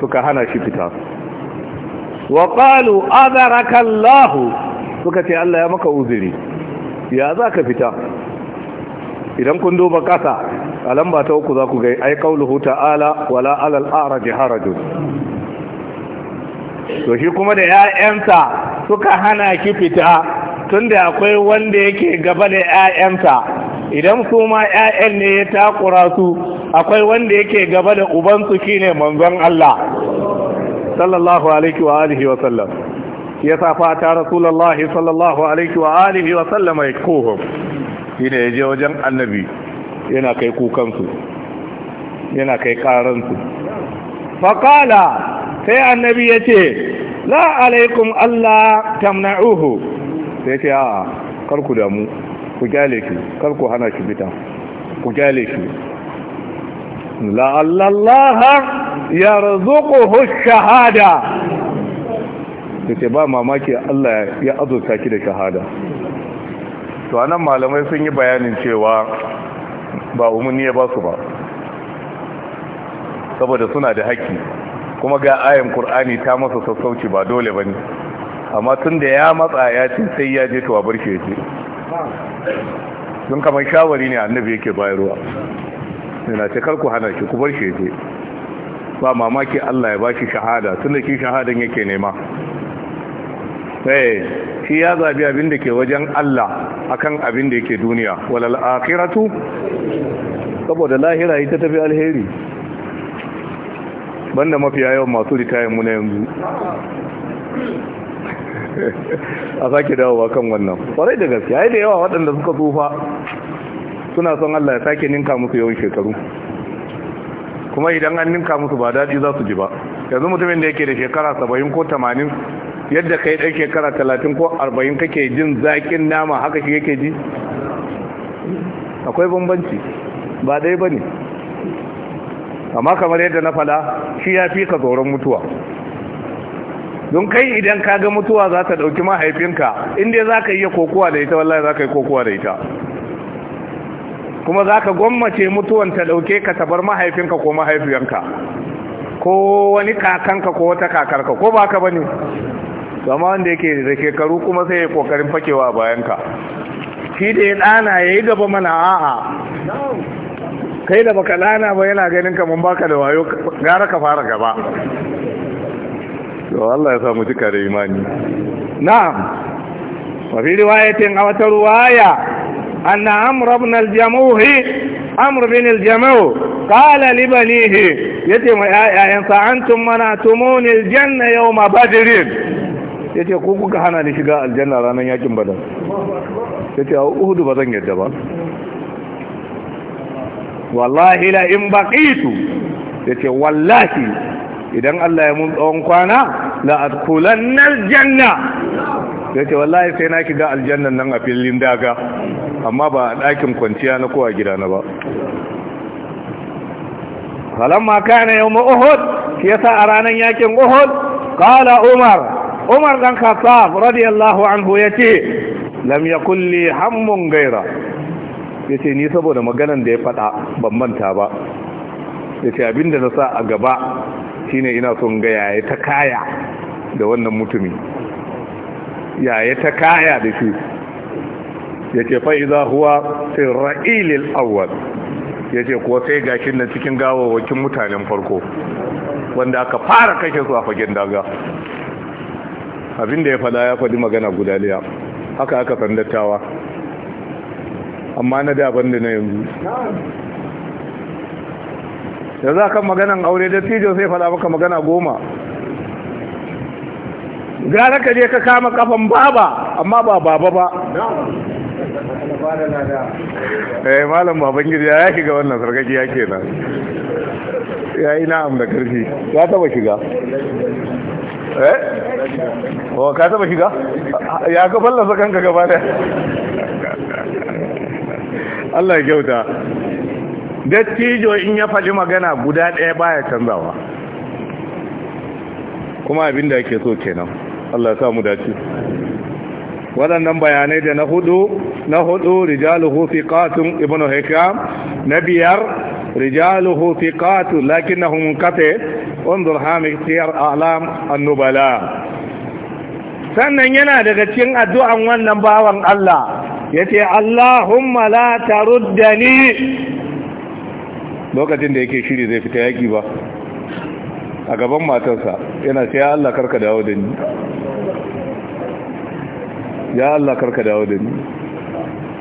suka hana shi fita wa qalu adaraka suka ce Allah ya maka uzuri ya za ka fita idan kun duba kasa a lamba ta uku za ku gai ai kauluhu ta'ala wala alal araji harajun to shi kuma da 'ya'yansa suka hana ki fita tunda akwai wanda yake gaba da 'ya'yansa idan su ma 'ya'yan ne ya takura su akwai wanda yake gaba da ubansu shine manzon Allah sallallahu alaihi wa alihi wa sallam ya sa fata rasulullahi sallallahu alaihi wa alihi wa sallama ya kohon shi ne ya je wajen annabi yana kai kukansu yana kai karansu faƙala sai annabi ya ce la alaikum Allah tamna'uhu sai ce a karku damu ku gyale ki karku hana shi bita ku gyale shi. la'allallaha ya razuƙuhu shahada ta ce ba mamaki Allah ya azurta ki da shahada to anan malamai sun yi bayanin cewa ba umarni ya ba su ba saboda suna da haƙƙi kuma ga ayan Kur'ani ta masa sassauci ba dole ba ne amma tun da ya matsa ya ce sai ya je tuwa barke ya ce sun kamar shawari ne annabi yake bayarwa yana ce karku hana ki ku barke ya ce ba mamaki Allah ya ba shahada tun da ki shahadan yake nema eh shi ya zabi abin da ke wajen Allah akan abin da yake duniya walal akhiratu saboda lahira ita tafi alheri banda mafiya yawan masu ritayen mu na yanzu a sake dawowa kan wannan kwarai da gaske ai da yawa waɗanda suka tsufa suna son Allah ya sake ninka musu yawan shekaru kuma idan an ninka musu ba daɗi za su ji ba yanzu mutumin da yake da shekara saba'in ko tamanin yadda kai ɗan shekara talatin ko arba'in kake jin zaƙin nama haka shi yake ji akwai bambanci ba dai ba ne amma kamar yadda na fada shi ya fi ka tsoron mutuwa don kai idan ka ga mutuwa za ta ɗauki mahaifinka inda za ka iya kokowa da ita wallahi za ka yi kokowa da ita kuma za ka gwammace mutuwan ta ɗauke ka tabar mahaifinka ko mahaifiyanka ko wani kakanka ko wata kakarka ko ba ka ba ne amma wanda yake da shekaru kuma sai ya kokarin fakewa bayan ka shi da ya dana ya yi gaba mana a'a kai da baka dana ba yana ganin ka mun baka da wayo gara ka fara gaba to Allah ya samu cika da imani na'am wa fi riwayatin aw ta riwaya anna amr ibn al-jamuhi amr ibn al-jamuh qala li banihi yace ma ayyan sa antum manatumuni al-janna yawma badr ya ce ko kuka hana ni shiga aljanna ranar yakin badar ya ce a uhudu ba zan yadda ba wallahi la in baqitu ya ce wallahi idan Allah ya mun tsawon kwana la adkhulanna aljanna ya ce wallahi sai na shiga aljanna nan a filin daga amma ba a ɗakin kwanciya na kowa na ba falamma ne yawm uhud shi yasa a ranar yakin uhud kala umar umar dan khattab radiyallahu anhu yace lam yakul li hammun gaira yace ni saboda maganan da ya fada ban manta ba yace abinda na sa a gaba shine ina son ga yaya ta kaya da wannan mutumi yaya ta kaya da shi yace fa idza huwa fi ra'il al-awwal yace kuwa sai gashin nan cikin gawawakin mutanen farko wanda aka fara kashe su a fagen daga Abin da ya fada ya fadi magana guda daya haka aka sandattawa amma na daban da na yanzu da za kan maganan aure da tijo sai fada maka magana goma gara ka je ka kama kafan baba amma ba baba ba eh malam baban gida ya shiga wannan sarkaki ya kenan ya yi na'am da karfi ya taba shiga eh oh, ka taba shiga ya ka fallasa kanka gaba da Allah ya kyauta dattijo in ya faɗi magana guda ɗaya baya canzawa kuma abinda yake so kenan Allah ya sa mu dace waɗannan bayanai da na hudu na hudu hufi fiqatun ibn hikam na biyar Katun, fiqatu na munqati unzur hamid siyar a'lam annubala. sannan yana daga cikin addu'an wannan bawan Allah ya ce Allahumma la taruddani lokacin da yake shiri zai fita yaki ba a gaban matarsa yana sai Allah karka dawo da ni ya Allah karka dawo da ni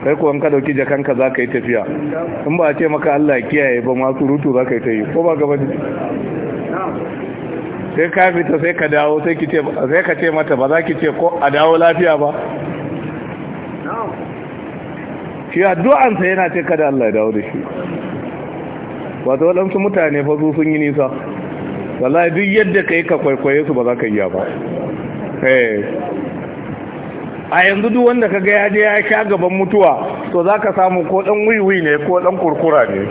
kai kuwa ka dauki jakanka za ka yi tafiya in ba a ce maka Allah kiyaye ba ma surutu za ka yi ta yi ko ba gaba ne sai ka fita sai ka dawo sai ka ce mata ba za ki ce ko a dawo lafiya ba shi sai yana ce kada Allah ya dawo da shi wato waɗansu mutane fa su sun yi nisa wallahi duk yadda ka yi ka kwaikwaye su ba za ka yi ba eh a yanzu duk wanda ga ya je ya sha gaban mutuwa to za ka samu ko dan wiwi ne ko dan kurkura ne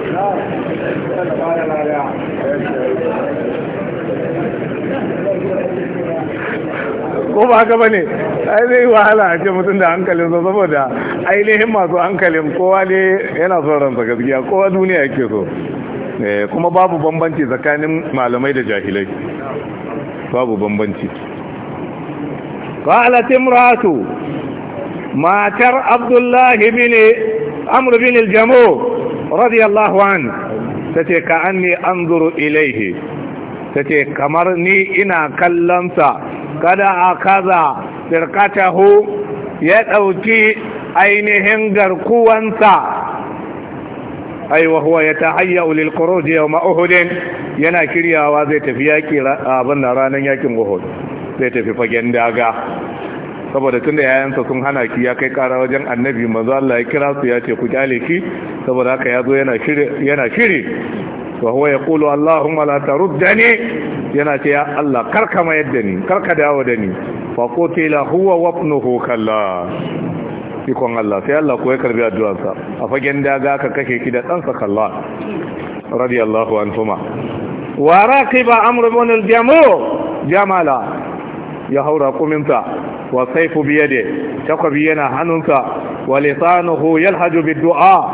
ko ba haka bane ai zai wahala a ce mutum da hankalin sa saboda ainihin masu hankalin kowa ne yana son ransa gaskiya kowa duniya yake so eh, kuma babu bambanci tsakanin malamai da jahilai babu bambanci قالت امرأة ما تر عبد الله بن عمرو بن الجموع رضي الله عنه تتي كأني أنظر إليه تتي كمرني إنا كلمت kada a kaza firkatahu ya ɗauki ainihin garkuwansa aiwa huwa ya ta hayya ulil kuroji yau yana kiryawa zai tafi yaƙi abin da ranar yakin uhud sai tafi fagen daga saboda tun da yayansa sun hana ki ya kai kara wajen annabi manzo Allah ya kira su ya ce ku kyale ki saboda haka yazo yana shiri yana shiri wa huwa yaqulu allahumma la taruddani yana ce ya Allah karka mayar da ni karka dawo da ni fa qutila huwa wa ibnuhu kalla ikon Allah sai Allah ko ya karbi addu'arsa a fagen daga ka kashe ki da ɗansa kalla radiyallahu anhuma wa raqiba amr ibn al-jamu jamala ya haura kuminsa wa saifu biyade takwabi yana hannunsa wa lisanuhu yalhaju biddu'a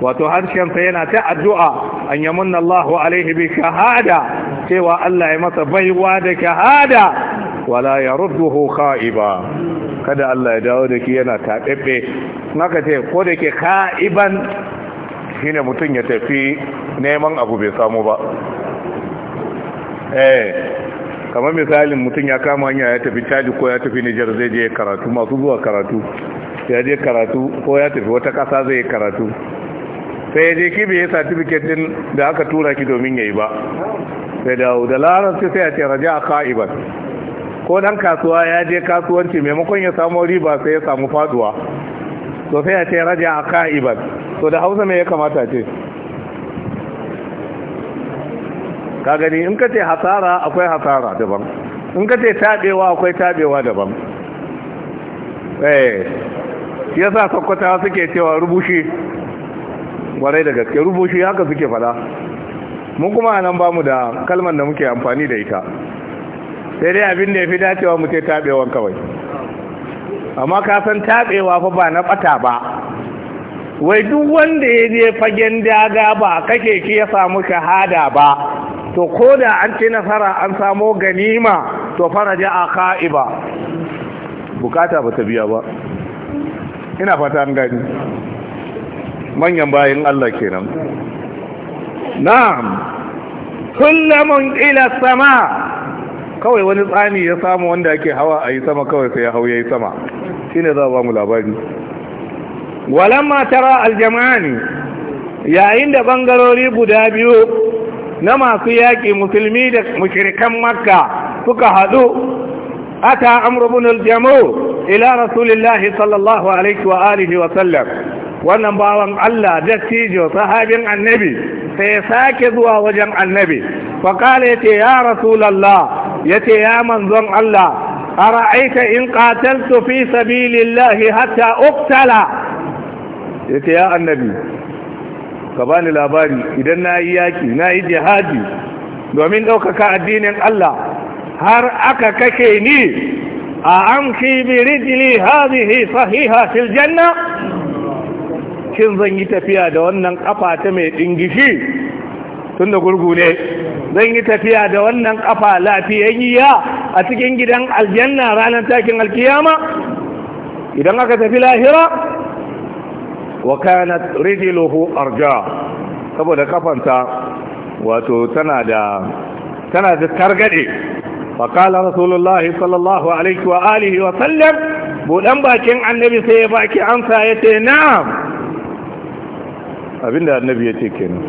wato harshensa yana ta addu'a an yamunna Allahu alaihi bi shahada cewa Allah ya masa baiwa da shahada wala yarudduhu kha'iba kada Allah ya dawo da ki yana taɓeɓe naka ce ko da ke ka'iban shine mutum ya tafi neman abu bai samu ba eh kamar misalin mutum ya kama hanya ya tafi cadi ko ya tafi nijar zai je karatu masu zuwa karatu ya je karatu ko ya tafi wata ƙasa zai yi karatu sai ya je kibe ya satifiket din da aka tura ki domin ya yi ba sai dawo da su sai a ce raja a ka'ibar ko dan kasuwa ya je kasuwanci maimakon ya samu riba sai ya samu faduwa to sai a ce raja a ka'ibar to da hausa ne ya kamata ce ka gani in ka ce hasara akwai hasara daban in ka ce taɓewa akwai taɓewa daban eh ya sa sakkwatawa suke cewa rubushi warai da gaske rubushi haka suke fada mun kuma nan ba mu da kalmar da muke amfani da ita sai dai abin da ya fi dacewa mu ce taɓewan kawai amma ka san taɓewa fa ba na ɓata ba wai duk wanda ya je fagen daga ba kake ki ya samu shahada ba to ko da an ce nasara an samo ganima to faraja a ka'iba bukata ba ta biya ba ina fata an gani manyan bayan Allah kenan na'am kullamun ila sama kawai wani tsani ya samu wanda ake hawa a yi sama kawai sai ya hau ya yi sama shine za a ba mu labari walamma tara aljama'ani yayin da bangarori guda biyu na masu yaƙi musulmi da mushirikan makka suka haɗu ata amru ibn jamu ila rasulillahi sallallahu alaihi wa alihi wa sallam wannan bawan Allah dattijo sahabin annabi sai sake zuwa wajen annabi fa ya yace ya rasulullah yace ya manzon Allah a ra'aita in qataltu fi sabilillahi hatta ya ce ya annabi ka bani labari idan na yi yaƙi na yi jihadi domin ɗaukaka addinin Allah har aka kake ni a amshi bi rijili hazihi sahiha janna zan yi tafiya da wannan ƙafa ta mai ɗingishi tun gurgu ne zan yi tafiya da wannan ƙafa lafiyayya a cikin gidan aljanna ranar takin alkiyama idan aka tafi lahira wa kanat rijluhu arja saboda kafanta wato tana da tana da targade fa qala rasulullahi sallallahu alaihi wa alihi wa sallam budan bakin annabi sai ya baki amsa yace na'am abinda annabi yace kenan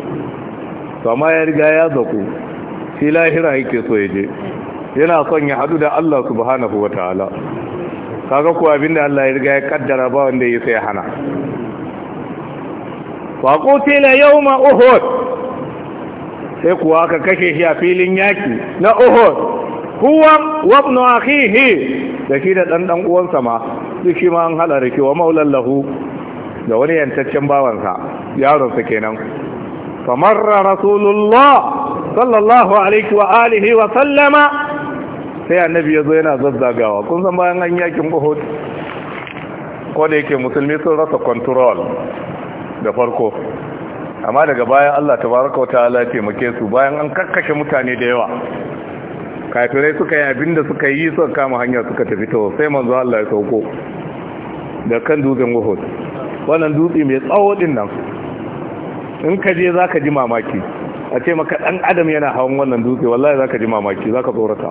to amma ya riga ya zaku shi lahira yake so yaje yana son ya hadu da Allah subhanahu ta'ala. kaga ko abinda Allah ya riga ya kaddara ba wanda ya sai hana faƙutila yau ma uhud sai kuwa ka kashe shi a filin yaki na uhud kuwa wabnu akhihi da shi da ɗanɗan uwansa ma duk shi ma an haɗa da kewa maulan lahu da wani yantaccen bawansa yaronsa kenan famarra rasulullah sallallahu alaihi wa alihi wa sallama sai annabi ya zo yana zazzagawa kun san bayan an yakin uhud ko da yake musulmi sun rasa control da farko amma daga bayan Allah tabaraka wa ta'ala taimake su bayan an kakkashe mutane da yawa kafirai suka yi abinda suka yi suka kama hanya suka tafi to sai manzo Allah ya sauko da kan dutsen Uhud wannan dutse mai tsawo din nan in ka je zaka ji mamaki a ce maka dan adam yana hawan wannan dutse wallahi zaka ji mamaki zaka tsorata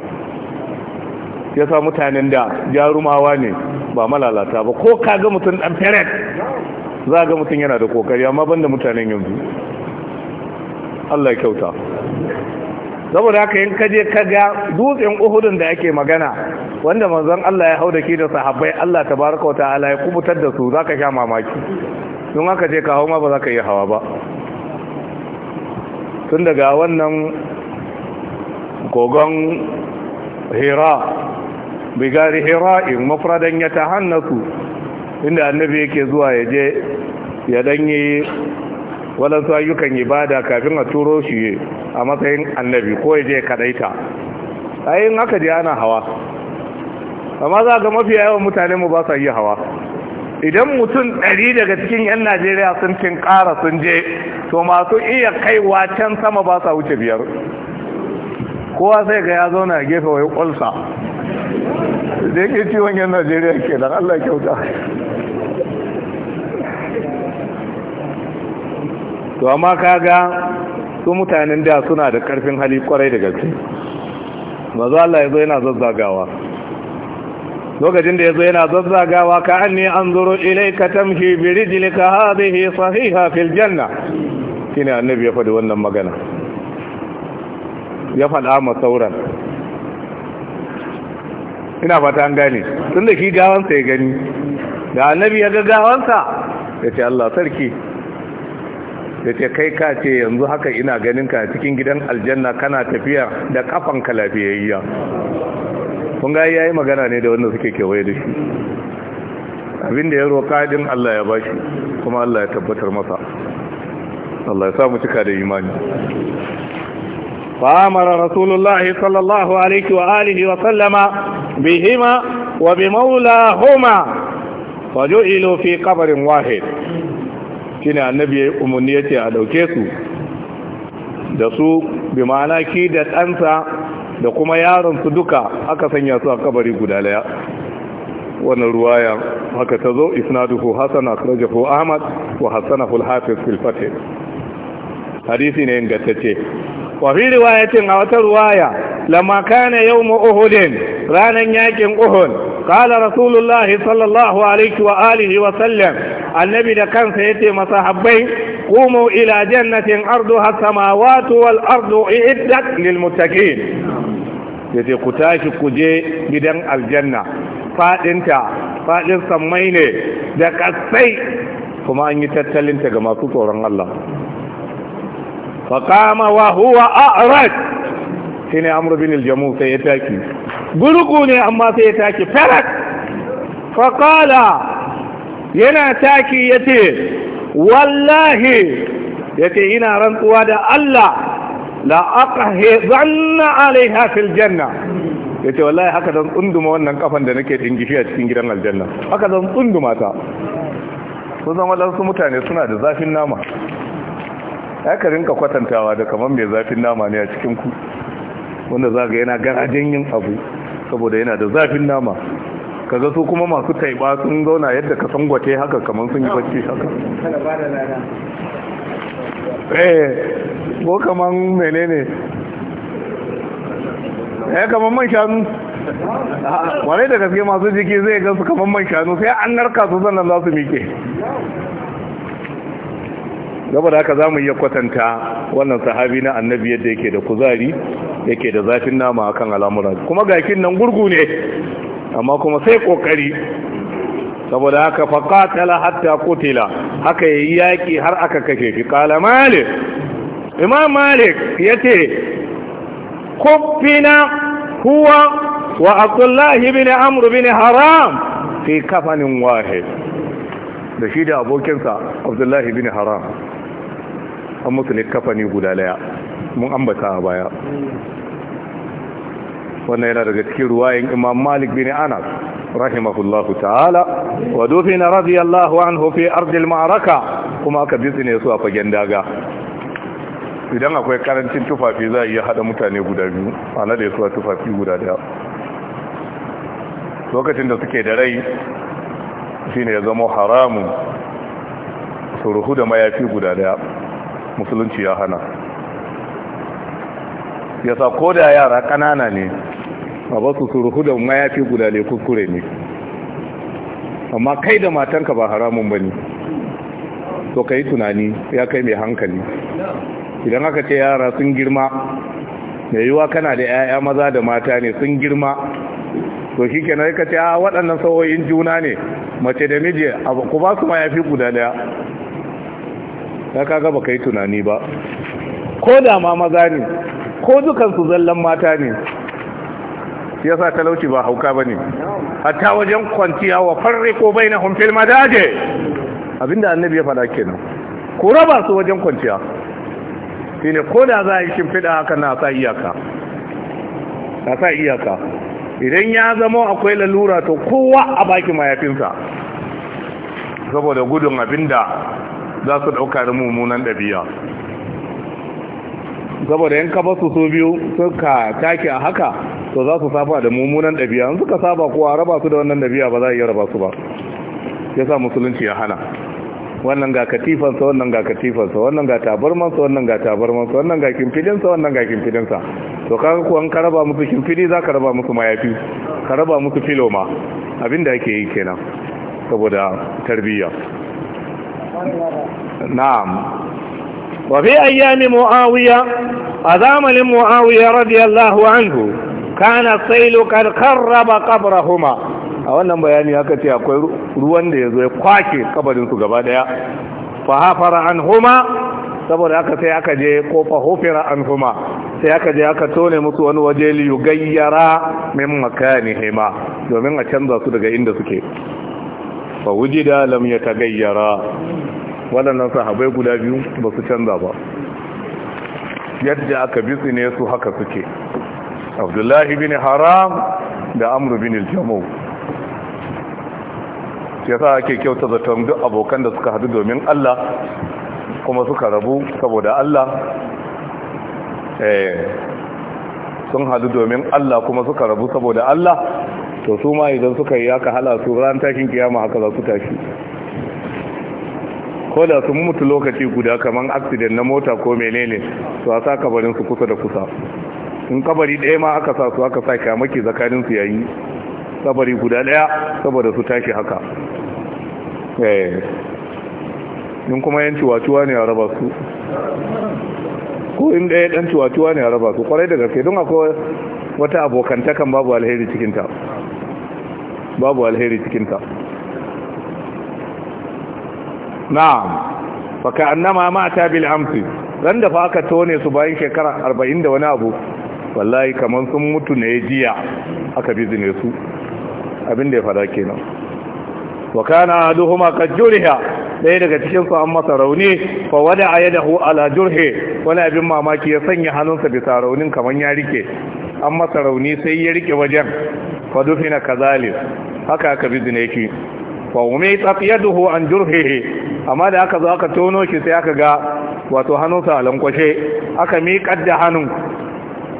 ya mutanen da jarumawa ne ba malalata ba ko kaga mutum dan feret za ga mutum yana da kokari amma banda mutanen yanzu Allah ya kyauta saboda haka yin kaje ka ga dutsen uhudun da ake magana wanda manzon Allah ya hau da ke da sahabbai Allah tabaraka wa ta'ala ya kubutar da su zaka sha mamaki don haka je ka ma ba za ka yi hawa ba tun daga wannan kogon hira bigari in mafradan ya inda annabi yake zuwa ya je ya danyi waɗansu ayyukan ibada kafin a turo shi a matsayin annabi ko ya je kadaita in haka je ana hawa amma za ga mafi yawan mutane mu ba sa yi hawa idan mutum ɗari daga cikin 'yan najeriya sun cin ƙara sun je to masu iya kaiwa can sama ba sa wuce biyar kowa sai ga ya zauna a gefe wai ƙulsa da ke ciwon 'yan najeriya ke don allah kyauta to amma kaga su mutanen da suna da karfin hali kwarai da gaske mazu Allah ya zo yana zazzagawa lokacin da ya zo yana zazzagawa ka an ne an zuru ilaika tamshi bi rijlika hadhihi sahiha fil janna kina annabi ya faɗi wannan magana ya faɗa ma sauran ina fata an gane Tunda ki gawansa ya gani da annabi ya ga gawansa ya ce Allah sarki ya ce kai ka ce yanzu haka ina ganinka ka cikin gidan aljanna kana tafiya da kafan kalafiyayya. lafiyayya kun ga yayi magana ne da wanda suke kewaye da shi abin da ya roƙa din Allah ya bashi kuma Allah ya tabbatar masa Allah ya sa mu cika da imani sallallahu alaihi رسول الله صلى الله عليه وآله وسلم بهما وبمولاهما ilo fi قبر واحد shine annabi ya umarni yace a dauke su da su bi ma'ana ki da ɗansa da kuma yaron su duka aka sanya su a kabari guda daya wannan ruwaya haka ta zo isnaduhu hasan akhrajahu ahmad wa hasanahu al-hafiz fil fath hadisi ne ingantacce wa fi riwayatin a wata ruwaya lamma kana yawm uhud ranan yakin uhud قال رسول الله صلى الله عليه وآله وسلم النبي ده كان سيتي مصاحبين قوموا إلى جنة أرضها السماوات والأرض أعدت للمتقين yace ku tashi ku je gidan aljanna fadinta fadin sammai ne da kasai kuma an yi tattalinta ga masu tsoron Allah faqama wa huwa shine amr bin ya taki gurgu ne amma sai ya taki farak faƙala yana taki ya ce wallahi ya ce ina rantsuwa da Allah aka zanna alaiha fil janna ya ce wallahi haka zan tsunduma wannan kafan da nake dingishi a cikin gidan aljanna haka zan tsunduma ta sun zama lansu mutane suna da zafin nama ya ka rinka kwatantawa da kamar mai zafin nama ne a cikin ku wanda za ga yana gara yin abu saboda yana da zafin nama kaga su kuma masu taiba sun zauna yadda ka sangwate haka kamar sun yi bacci haka eh ko kamar menene eh kamar man shanu wane da gaske masu jiki zai ga su kamar man shanu sai an narka su sannan za su mike gaba da haka za mu iya kwatanta wannan sahabi na annabi yadda yake da kuzari yake da zafin nama akan al'amuran kuma gakin nan gurgu ne amma kuma sai kokari saboda haka faqatala hatta qutila haka yayi yaki har aka kashe shi qala malik imam malik yace kufina huwa wa abdullah ibn amr ibn haram fi kafanin wahid da shi da abokinsa Abdullahi ibn haram an musu kafani guda daya mun ambata a baya wannan yana daga cikin ruwayin imam malik bin anas rahimahullahu ta'ala wa dufina radiyallahu anhu fi ardil ma'araka kuma aka bizne su a fagen daga idan akwai karancin tufafi za a iya hada mutane guda biyu a nade su a tufafi guda daya lokacin da suke da rai shine ya zama haramun su ruhu da mayafi guda daya musulunci ya hana ya sa ko da yara kanana ne a basu su ruhu da mayafi guda ne kuskure ne amma kai da matanka ba haramun ba ne to ka yi tunani ya kai mai hankali idan aka ce yara sun girma mai yiwuwa kana da 'ya'ya maza da mata ne sun girma to shi kenan ka ce a waɗannan sauyoyin juna ne mace da miji ku ba su mayafi guda daya ya kaga ba ka yi tunani ba ko da ma maza ne ko dukansu zallan mata ne ya sa talauci ba hauka ba ne hatta wajen kwanciya wa farre ko bai na hunfil daje abinda annabi ya fada kenan ko raba su wajen kwanciya shi ne ko da za a yi shimfiɗa haka na sa iyaka na sa iyaka idan ya zama akwai lalura to kowa a baki mayafinsa saboda gudun abinda za su ɗauka da mummunan ɗabi'a saboda yan kaba su su biyu suka take a haka to za su saba da mummunan ɗabi'a in suka saba kuwa raba su da wannan ɗabi'a ba za a iya raba su ba ya sa musulunci ya hana wannan ga katifansa wannan ga katifansa wannan ga tabarmansa wannan ga tabarmansa wannan ga kimfidinsa wannan ga kimfidinsa to kaga kuwa ka raba musu kimfidi za ka raba musu mayafi ka raba musu filoma abinda ake yi kenan saboda tarbiyya na'am wa fi ayyami muawiya a zamanin muawiya radiyallahu anhu kana sailu kad qarraba huma? a wannan bayani aka ce akwai ruwan da yazo ya kwake kabarin su gaba daya fa hafara anhuma saboda aka sai aka je ko fa hufira anhuma sai aka je aka tone musu wani waje li yugayyara min makanihima domin a canza su daga inda suke fa wujida ta gayyara waɗannan sahabai guda biyu ba su canza ba yadda aka bitsi ne su haka suke abdullahi bin haram da amru bin aljamu ya sa ake kyauta zaton duk abokan da suka hadu domin Allah kuma suka rabu saboda Allah eh, sun hadu domin Allah kuma suka rabu saboda Allah to su ma idan suka yi aka hala su ran tashin kiyama haka za su tashi ko da su mutu lokaci guda kamar accident na mota ko menene su a sa kabarin su kusa da kusa in kabari ɗaya ma aka sa su aka sa kyamaki zakarin su yayi kabari guda ɗaya saboda su tashi haka eh. in kuma yan ciwaciwa ne a raba su ko in ɗaya ɗan ciwaciwa ne a raba su kwarai da gaske don akwai wata abokantakan babu alheri cikinta babu alheri cikinta na'am fa ma ta bil amsi dan da fa aka tone su bayan shekara 40 da wani abu wallahi kaman sun mutu ne jiya aka bizine su abin da ya fada kenan wa kana aduhuma kad dai daga cikin su an masa rauni fa wada yadahu ala jurhi wani abin mamaki ya sanya hannunsa bisa raunin kaman ya rike an masa rauni sai ya rike wajen fadufina kazali haka aka bizne ki wa umaytat tsafiyaduhu an jurhihi amma da aka zo aka tono shi sai aka ga wato hannunsa a lankwashe aka miƙar da hannun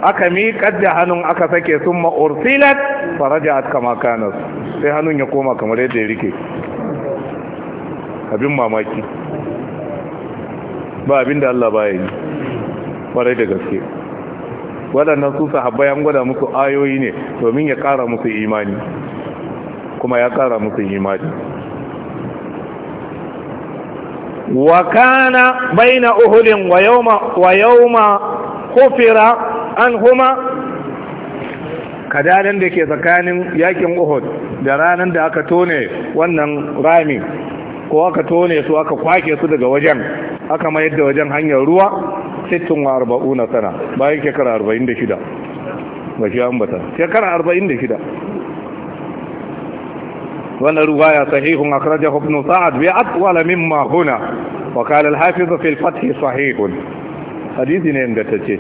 aka miƙar da hannun aka sake sun ma'ursilat faraja at kama kanar sai hannun ya koma kamar yadda ya rike abin mamaki ba abin Allah ba yi ƙwarai da gaske waɗannan su sahabbai an gwada musu ayoyi ne domin ya ƙara musu imani kuma ya ƙara musu imani wa kana baina uhudin wa yawma wa yawma kufira huma da ke tsakanin yakin Uhud da ranar da aka tone wannan rami ko aka tone su aka kwake su daga wajen aka mayar da wajen hanyar ruwa sittin wa arba'u na sana bayan shekara arba'in da shida ba shi ambata shekara arba'in da wannan ruwaya sahihun akrajahu ibn sa'ad bi atwala mimma huna wa qala al-hafiz fi al-fath sahihun hadisi ne inda tace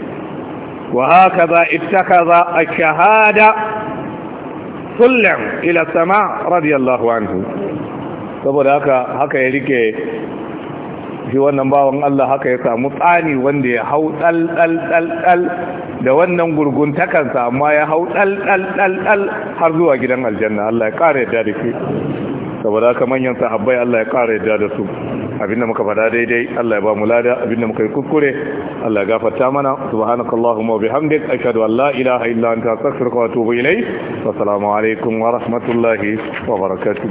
wa hakaza ittakaza ash-shahada sullan ila sama radiyallahu anhu saboda haka haka ya rike shi wannan bawan Allah haka ya samu tsani wanda ya hau ɗal-ɗal-ɗal, da wannan gurgun takan amma ya hau ɗal-ɗal-ɗal, har zuwa gidan aljanna Allah ya kare da dake saboda haka manyan sahabbai Allah ya kare da su abinda muka fada daidai Allah ya ba mu lada abinda muka yi kuskure Allah ya gafarta mana subhanakallahumma wa bihamdik ashhadu an la ilaha illa anta astaghfiruka wa atubu ilayk wa assalamu alaikum wa rahmatullahi wa barakatuh